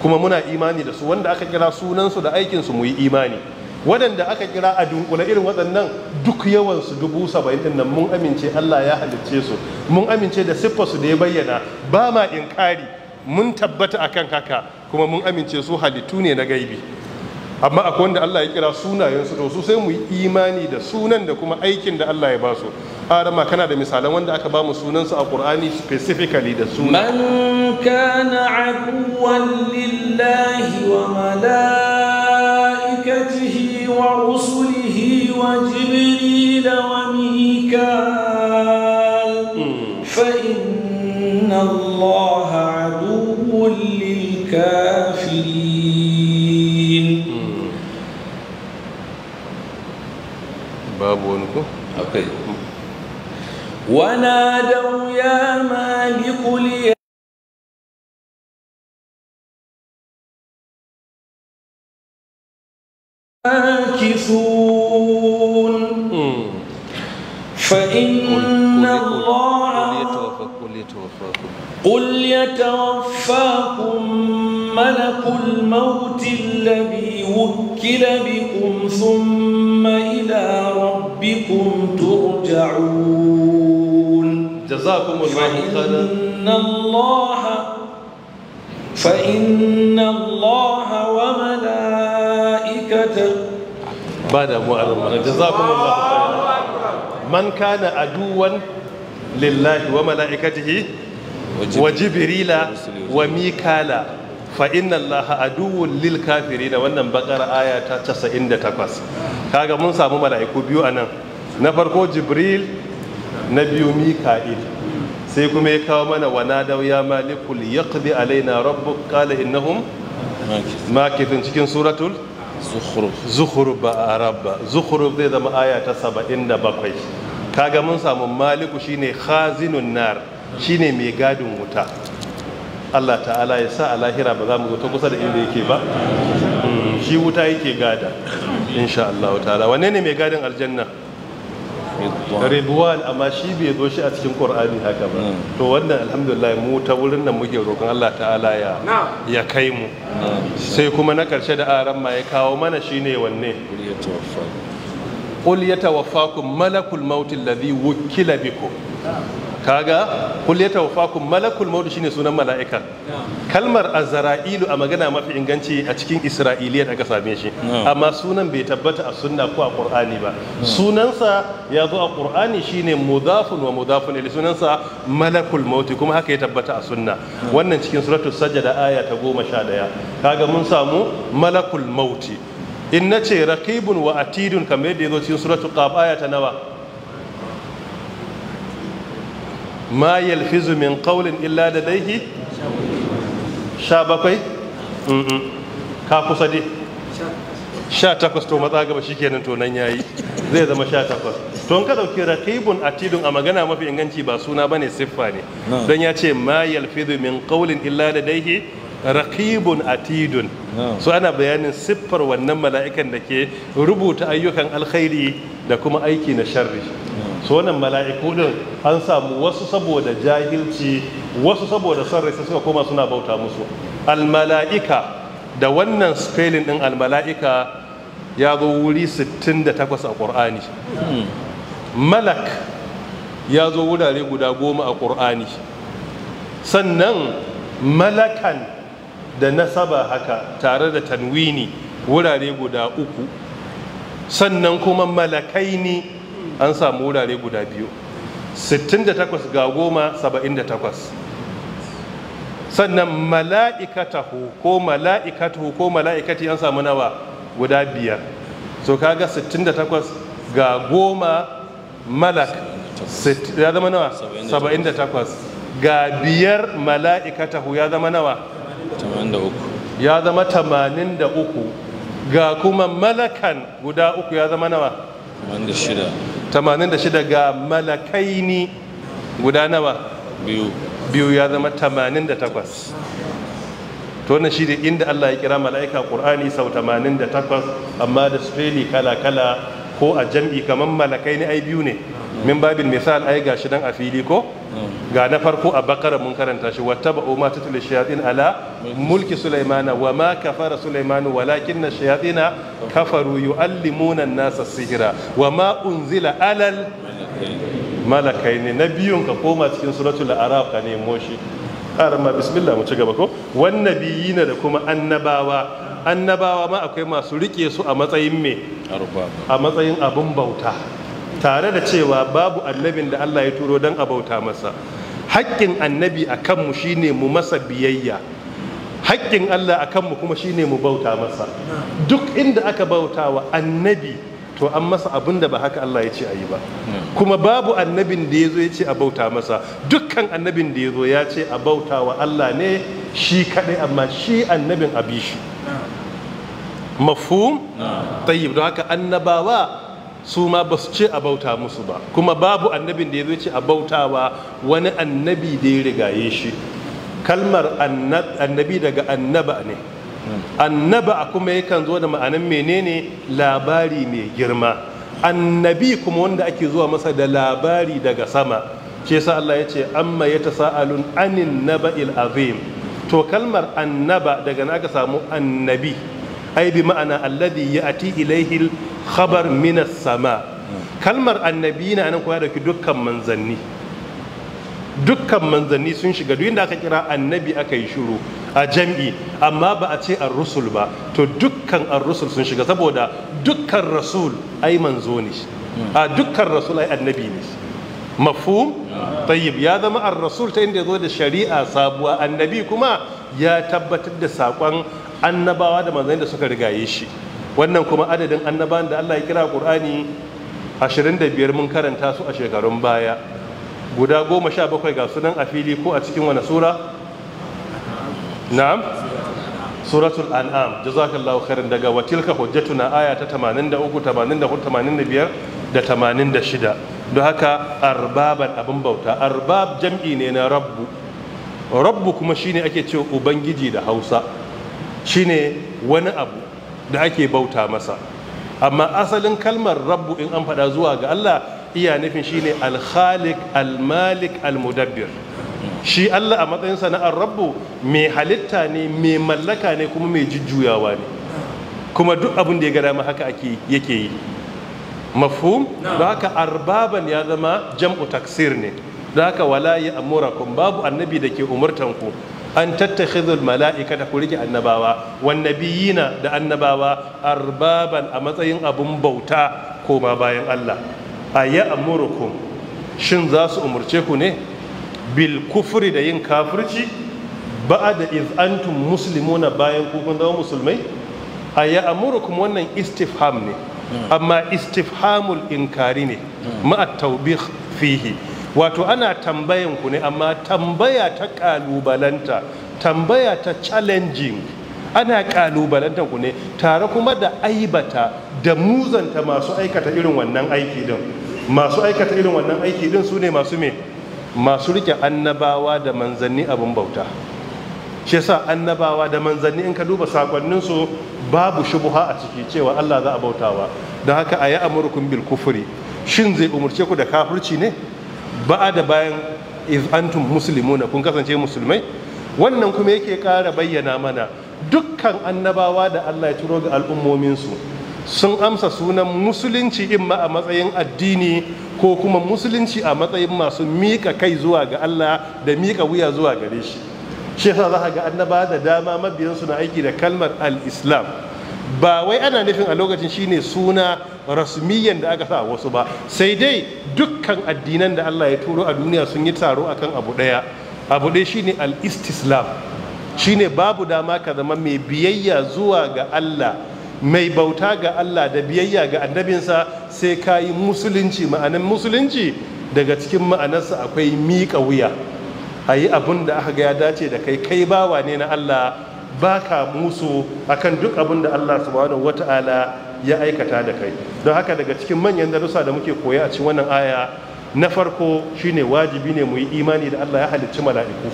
kuma muna imani da su wanda aka kira sunansu da aikin su mu yi imani waɗanda aka kira a dunkule irin waɗannan duk yawansu dubu saba'in din nan mun amince Allah ya halicce su mun amince da su da ya bayyana ba ma inkari mun tabbata akan haka kuma mun amince su halittu ne na gaibi amma akwai wanda Allah ya kira sunayen su su sai mu yi imani da sunan da kuma aikin da Allah ya ba su arama kana da misalan wanda aka ba mu su a Qur'ani specifically da suna man kana aduwan lillahi wa malaikati ورسله وجبريل وميكال فإن الله عدو للكافرين باب ونكو أوكي ونادوا يا مالك لي يمشون فإن الله قل يتوفاكم ملك الموت الذي وكل بكم ثم إلى ربكم ترجعون جزاكم الله خيرا فإن الله فإن الله وملائكته ba da mu alamma jazakumullahu khairan man kana aduwan lillahi wa mala'ikatihi wa jibrila wa mikala fa inna allaha aduwwun lil kafirin wannan bakar aya ta 98 kaga mun samu mala'iku biyu anan na farko jibril na biyu mika'il sai kuma ya kawo mana wa nadaw ya malikul yaqdi alaina rabbuk qala innahum makithun cikin suratul zuhru ba arab ba zai zama aya ta 77 kaga mun samu maliku shine khazinun nar shine mai gadin wuta Allah ta'ala ya sa a lahira ba za mu ta kusa da inda yake ba hmm, shi wuta yake gada insha Allah ta'ala wanne ne mai gadin aljanna ridwan amma shi bai zo shi a cikin qur'ani haka ba hmm. to wannan alhamdulillah mu ta wurin nan muke roƙon Allah ta'ala ya ya kai mu sai kuma na karshe da aran ma ya kawo mana shine wanne qul yatawaffakum malakul maut alladhi wukila bikum kaga kul ya tawfakum malakul maut shine sunan mala'ika kalmar azra'ilu a magana mafi inganci a cikin isra'iliya da aka same shi amma sunan bai tabbata a sunna ko a qur'ani ba sunansa ya zo a qur'ani shine mudafun wa mudafun ilayhi sunansa malakul maut kuma haka ya tabbata a sunna wannan cikin suratul sajda aya ta 11 kaga mun samu malakul maut in nace raqibun wa atidun kamar yadda yazo cikin suratul qaf ta nawa ma yalfizu min qawlin illa ladayhi sha bakwai ka kusa dai sha takwas to matsa gaba shikenan to nan yayi zai zama sha takwas to ka dauki raqibun atidun a magana mafi inganci ba suna bane siffa ne don ya ce ma yalfidu min qawlin illa ladayhi raqibun atidun so ana bayanin siffar wannan mala'ikan da ke rubuta ayyukan alkhairi da kuma aiki na sharri so wannan mala'iku din an samu wasu saboda jahilci wasu saboda son rai suka koma suna bauta musu almala'ika da wannan spelling din almala'ika ya zo wuri 68 a ƙur'ani malak ya zo wurare guda goma a ƙur'ani sannan malakan da nasaba haka tare da tanwini wurare guda uku sannan kuma malakai ne. an samu wurare guda biyu 68 ga goma 78 sannan mala'ikatahu ko mala'ikatahu ko mala'ikati an samu nawa guda biyar so kaga 68 ga goma malak ya zama nawa 78 ga biyar mala'ikatahu ya zama nawa 83 ya zama 83 ga kuma malakan guda uku ya zama nawa 86 ga ne guda nawa biyu biyu ya zama 88 to wannan shi inda Allah ya kira mala'ika Qur'ani sau 88 amma da sufeli kala kala ko a jam'i kamar malakai ne ai biyu ne min babin misal ai gashi dan a fili ko ga na farko a bakara mun karanta shi Umar ta tatul shayatin ala mulki sulaimana wa ma kafara sulaimanu walakin na shayatina kafaru yuallimuna an-nasa sihira wa ma unzila alal malakai ne na biyun ka koma cikin suratul araf ka nemo shi ma bismillah mu ci gaba ko wannabiyina da kuma annabawa annabawa ma akwai masu rike su a matsayin me a matsayin abun bauta tare da cewa babu annabin da Allah ya turo don abauta masa haƙƙin annabi a kanmu shine mu masa biyayya haƙƙin Allah a kanmu kuma shine mu bauta masa duk inda aka bauta wa annabi to an masa abin da ba haka Allah ya ce a yi ba kuma babu annabin da ya zo ya ce a bauta masa dukkan annabin da ya zo ya ce a bauta wa Allah ne shi kaɗai amma shi annabin abishi. Mafu, mafhum tayyib don haka annabawa su ma ba su ce a bauta musu ba kuma babu annabin da ya zo ce a bautawa wani annabi da ya rigaye shi kalmar annabi daga annaba ne annaba kuma yakan zo da ma'anin menene labari mai girma annabi kuma wanda ake zuwa masa da labari daga sama ce yasa Allah ya ce amma ya ta sa'alun anin naba'il azim to kalmar annaba daga na aka samu annabi ai bi ma'ana alladhi ya'ti ilaihil khabar minas sama kalmar annabi na nan kuma ya dauki dukkan manzanni dukkan manzanni sun shiga duk inda aka kira annabi aka yi shuru a jam'i amma ba a ce an rusul ba to dukkan an rusul sun shiga saboda dukkan rasul ai manzo ne a dukkan rasul ai annabi ne mafhum tayyib ya zama an rasul ta inda ya zo da shari'a sabuwa annabi kuma ya tabbatar da saƙon annabawa da manzanni da suka rigaye shi wannan kuma adadin annaban da Allah ya kira Qur'ani 25 mun karanta su a shekarun baya guda 17 ga sunan a fili ko a cikin wani sura na'am suratul an'am jazakallahu khairan daga watilka hujjatuna aya ta 83 84 85 da 86 don haka arbaban abin bauta arbab jam'i ne na rabbu rabbu kuma shine ake cewa ubangiji da Hausa shine wani abu da ake bauta masa amma asalin kalmar rabbu in an faɗa zuwa ga Allah iya nufin shine al-khaliq al-malik al-mudabbir shi Allah a matsayinsa na rabbu mai halitta ne mai mallaka ne kuma mai jujjuyawa ne kuma duk abin da ya gada dama haka ake yake yi mafhum da haka arbaban ya zama jam'u taksir ne da haka wala ya amurakum babu annabi da ke umurtanku an tattakhidhul mala'ika da ku rike annabawa wan nabiyina da annabawa arbaban a matsayin abun bauta koma bayan Allah ayya amurukum shin za su umurce ku ne bil kufri da yin kafirci ba'da iz antum muslimuna bayan ku kun zama musulmai ayya amurukum wannan istifham ne hmm. amma istifhamul inkari ne hmm. ma'a tawbih fihi wato ana tambayan ku ne amma tambaya ta kalubalanta tambaya ta challenging ana kalubalanta ku ne tare kuma da aibata da muzanta masu aikata irin wannan aiki din masu aikata irin wannan aiki din su ne masu me masu rike annabawa da manzanni abin bauta shi sa annabawa da manzanni in ka duba sakonninsu babu shubuha a ciki cewa Allah za a bautawa don haka a yi amurkun bil kufuri shin zai umurce ku da kafurci ne ba'a da bayan iz antum muslimuna kun kasance musulmai wannan kuma yake ƙara bayyana mana dukkan annabawa da Allah ya turo ga al'ummominsu sun amsa sunan musulunci imma a matsayin addini ko kuma musulunci a matsayin masu miƙa kai zuwa ga Allah da miƙa wuya zuwa gare shi shi yasa za ga annabawa da dama mabiyansu na aiki da kalmar al-islam ba wai ana nufin a lokacin shine suna rasmiyan da aka sa wasu ba sai dai dukkan addinan da Allah ya turo a duniya sun yi taro akan abu ɗaya abu ɗaya shine al-istislam shine babu dama ka zama mai biyayya zuwa ga Allah mai bauta ga Allah da biyayya ga annabinsa sai ka yi musulunci ma'anin musulunci daga cikin ma'anarsa akwai miƙa wuya a yi abin da aka ga ya dace da kai kai bawa ne na Allah ba ka musu akan duk abun da Allah subhanahu wata'ala ya aikata da kai don haka daga cikin manyan darussa da muke koya a cikin wannan aya na farko shine wajibi ne mu yi imani da Allah ya halicci mala'iku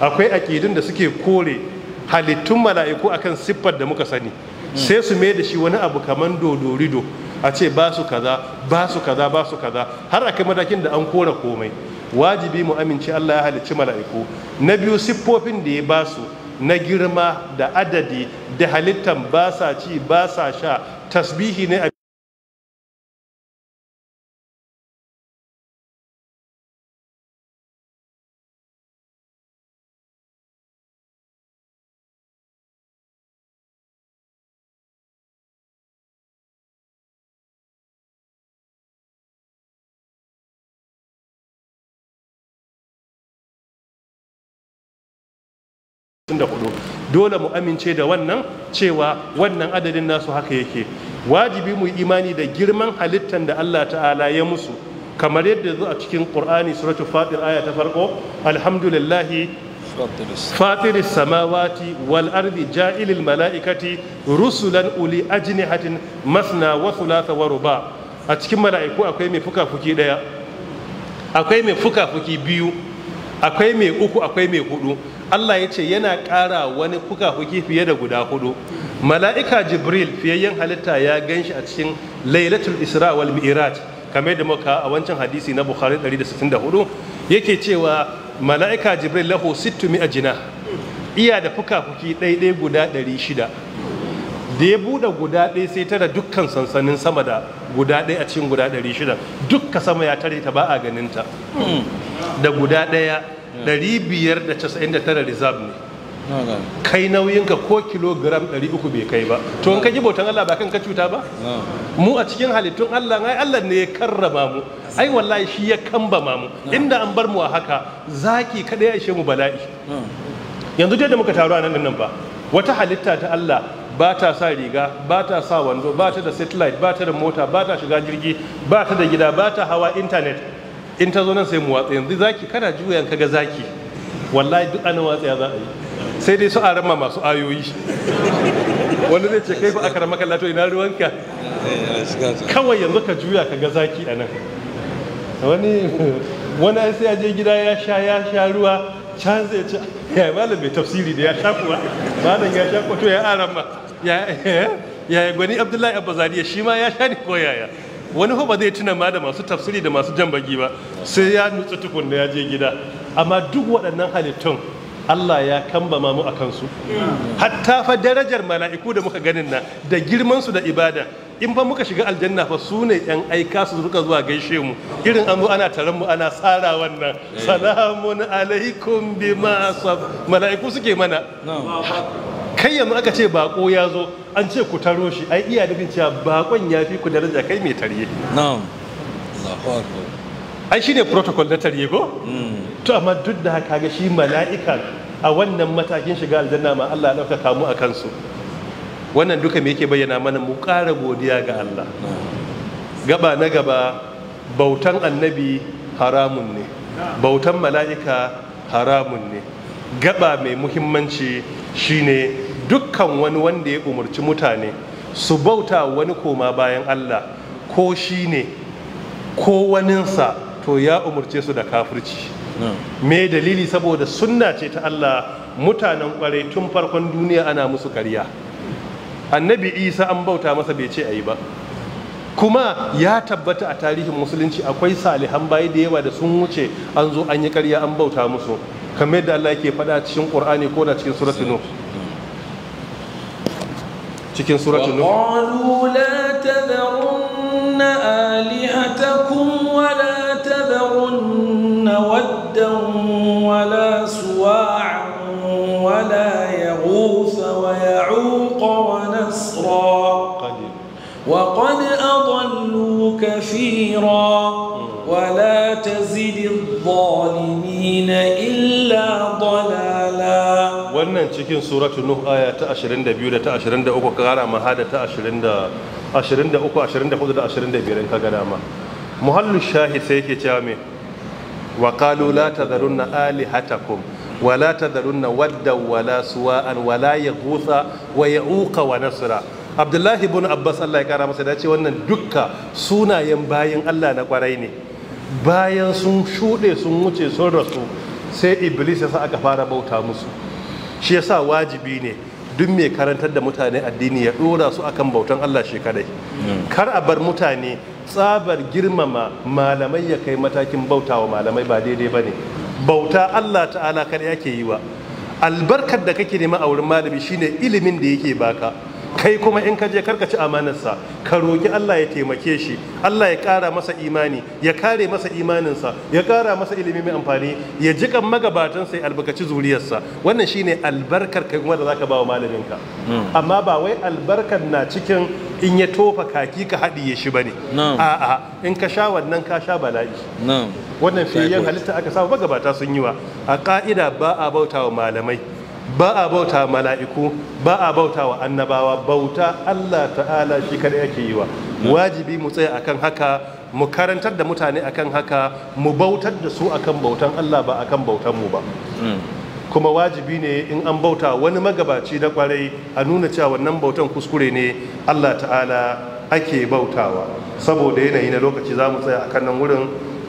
akwai aƙidun da suke kore halittun mala'iku akan siffar da muka sani sai su mai da shi wani abu kaman dodorido a ce ba su kaza ba su kaza ba su kaza har akai matakin da an kore komai wajibi mu amince Allah ya halicci mala'iku na biyu siffofin da ya basu na girma da adadi da halittan ba sa ci ba sa sha تسبيحي نه dole mu amince da wannan cewa wannan adadin nasu haka yake wajibi mu imani da girman halittan da Allah ta'ala ya musu kamar yadda zo a cikin Qur'ani suratul Fatir aya ta farko alhamdulillahi fatiris samawati wal ardi ja'ilil mala'ikati rusulan uli ajnihatin masna wa thulatha wa ruba a cikin mala'iku akwai mai fuka-fuki daya akwai mai fuka-fuki biyu akwai mai uku akwai mai hudu Allah ya ce yana ƙara wani fuka-fuki fiye da guda hudu mala'ika jibril fiyayyen halitta ya gan shi a cikin lailatul isra wal mi'raj kamar da muka a wancan hadisi na bukhari 164 yake cewa mala'ika jibril laho sittu mi'a jina iya da fuka-fuki ɗaiɗai guda 600 da ya buɗe guda ɗaya sai tara dukkan sansanin sama da guda ɗaya a cikin guda 600 dukka sama ya tare ta ba a ganin ta da guda ɗaya biyar da da casa'in tara reserve ne kai nauyinka ko kilogram 300 bai kai ba to in ka ji bautan Allah ba kan ka cuta ba mu a cikin halittun Allah ai Allah ne ya karrama mu ai wallahi shi ya kambama mu inda an bar mu a haka zaki kada ya ishe mu bala'i yanzu dai da muka taru a nan nan ba wata halitta ta Allah ba ta sa riga ba ta sa wando ba ta da satellite ba ta da mota ba ta shiga jirgi ba ta da gida ba ta hawa intanet in ta zo nan sai mu watsa yanzu zaki kana juya ka ga zaki wallahi duk ana watsa za a yi sai dai su a rama masu ayoyi wani zai ce kai fa aka rama kallato ina ruwanka kawai yanzu ka juya ka ga zaki a nan wani wani sai ya je gida ya sha ya sha ruwa can zai ce ya malam mai tafsiri da ya sha kuwa malam ya sha kuwa to ya arama ya ya gwani abdullahi abbasariya shi ma ya sha ne ko yaya wani ho ba zai tuna ma da masu tafsiri da masu jan baki ba sai ya nutsu tukunna ya je gida amma duk waɗannan halittun Allah ya kambama mu a kansu hatta fa darajar mala'iku da muka ganin na da girman su da ibada in fa muka shiga aljanna fa su ne yan aika su ruka zuwa gaishe mu irin an zo ana taron mu ana tsara wannan eh. salamun alaikum bima sab mala'iku suke mana kai yanzu aka ce bako ya zo an ce ku taro shi ai iya nufin cewa bakon ya fi ku daraja kai mai tarye na'am ai shine protocol na tarye ko hmm. to amma duk da haka ga shi mala'ika a wannan matakin shiga aljanna ma Allah ya dauka kamu a kansu wannan duka me yake bayyana mana mu ƙara godiya ga Allah gaba na gaba bautan annabi haramun ne bautan mala'ika haramun ne gaba mai muhimmanci shine dukkan wani wanda ya umarci mutane su bauta wani koma bayan Allah ko shi ne ko waninsa to ya umarce su da kafirci me dalili saboda sunna ce ta Allah mutanen kwarai tun farkon duniya ana musu karya annabi isa an bauta masa bai ce a yi ba kuma ya tabbata a tarihin musulunci akwai salihan bayi da yawa da sun wuce an zo an yi karya an bauta musu kamar yadda Allah yake faɗa cikin Qur'ani ko da cikin suratul Nuh cikin suratul nuh qalu la tadharunna alihatakum wa la tadharunna waddan wa la suwa'an wa la yaghus wa ya'uq wa nasra وقد أضلوا كثيرا ولا تزد الظالمين wannan cikin suratu nuh aya ta 22 da ta 23 kara ma hada ta 23 24 da 25 kaga dama muhallu shahi sai yake cewa me wa qalu la tadharunna alihatakum wa la tadharunna wadda wa la suwa'an wa la yaghutha wa ya'uqa wa nasra abdullahi ibn abbas Allah ya kara masa dace wannan dukka sunayen bayan Allah na kwarai ne bayan sun shuɗe sun wuce sun rasu sai iblis ya sa aka fara bauta musu shi yasa wajibi ne duk mai karantar da mutane addini ya dora su akan bautan Allah shi kadai kar a bar mutane tsabar girmama malamai ya kai matakin bautawa malamai ba daidai ba ne. bauta Allah ta'ala kadai yake yi wa albarkar da kake nema a wurin malami shine ilimin da yake baka kai kuma in ka je kar ka ci amanarsa ka roki Allah ya taimake shi Allah ya ƙara masa imani ya kare masa imaninsa ya ƙara masa ilimi mai amfani ya jika magabatansa ya albarkaci zuriyarsa wannan shine albarkar kai wanda zaka ba wa malaminka hmm. amma ba wai albarkar na cikin in ya tofa kaki ka ya shi ba ne. a'a in ka sha wannan ka sha bala'i wannan fiyayyen halitta aka samu magabata sun yi wa a ƙa'ida ba a bauta wa malamai ba a bauta mala'iku ba a bauta wa annabawa bauta Allah ta'ala shi kada yake yi wa wajibi mu tsaya akan haka mu karantar da mutane akan haka mu bautar da su akan bautan Allah ba akan bautan mu ba mm. kuma wajibi ne in an bauta wani magabaci da kwarai a nuna cewa wannan bautan kuskure ne Allah ta'ala ake bautawa saboda yanayi na lokaci za mu tsaya akan nan wurin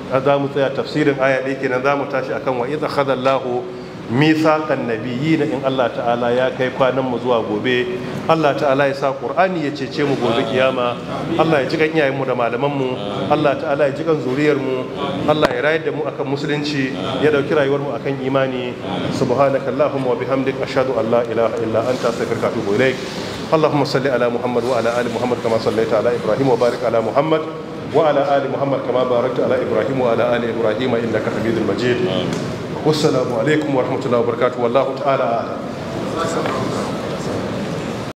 za mu tsaya tafsirin aya ɗaya kenan za mu tashi akan wa idza khadallahu mithaqan na in Allah ta'ala ya kai kwanan mu zuwa gobe Allah ta'ala ya sa Qur'ani ya cece mu gobe kiyama Allah ya ji ganyayen mu da malaman mu Allah ta'ala ya ji kan zuriyar mu Allah ya rayar da mu akan musulunci ya dauki rayuwar mu akan imani subhanakallahumma wa bihamdika ashhadu an la ilaha illa anta astaghfiruka wa atubu ilaik اللهم صل على محمد وعلى ال محمد كما صليت على ابراهيم وبارك على محمد وعلى ال محمد كما باركت على ابراهيم وعلى ال ابراهيم انك حميد مجيد والسلام عليكم ورحمة الله وبركاته والله تعالى أعلم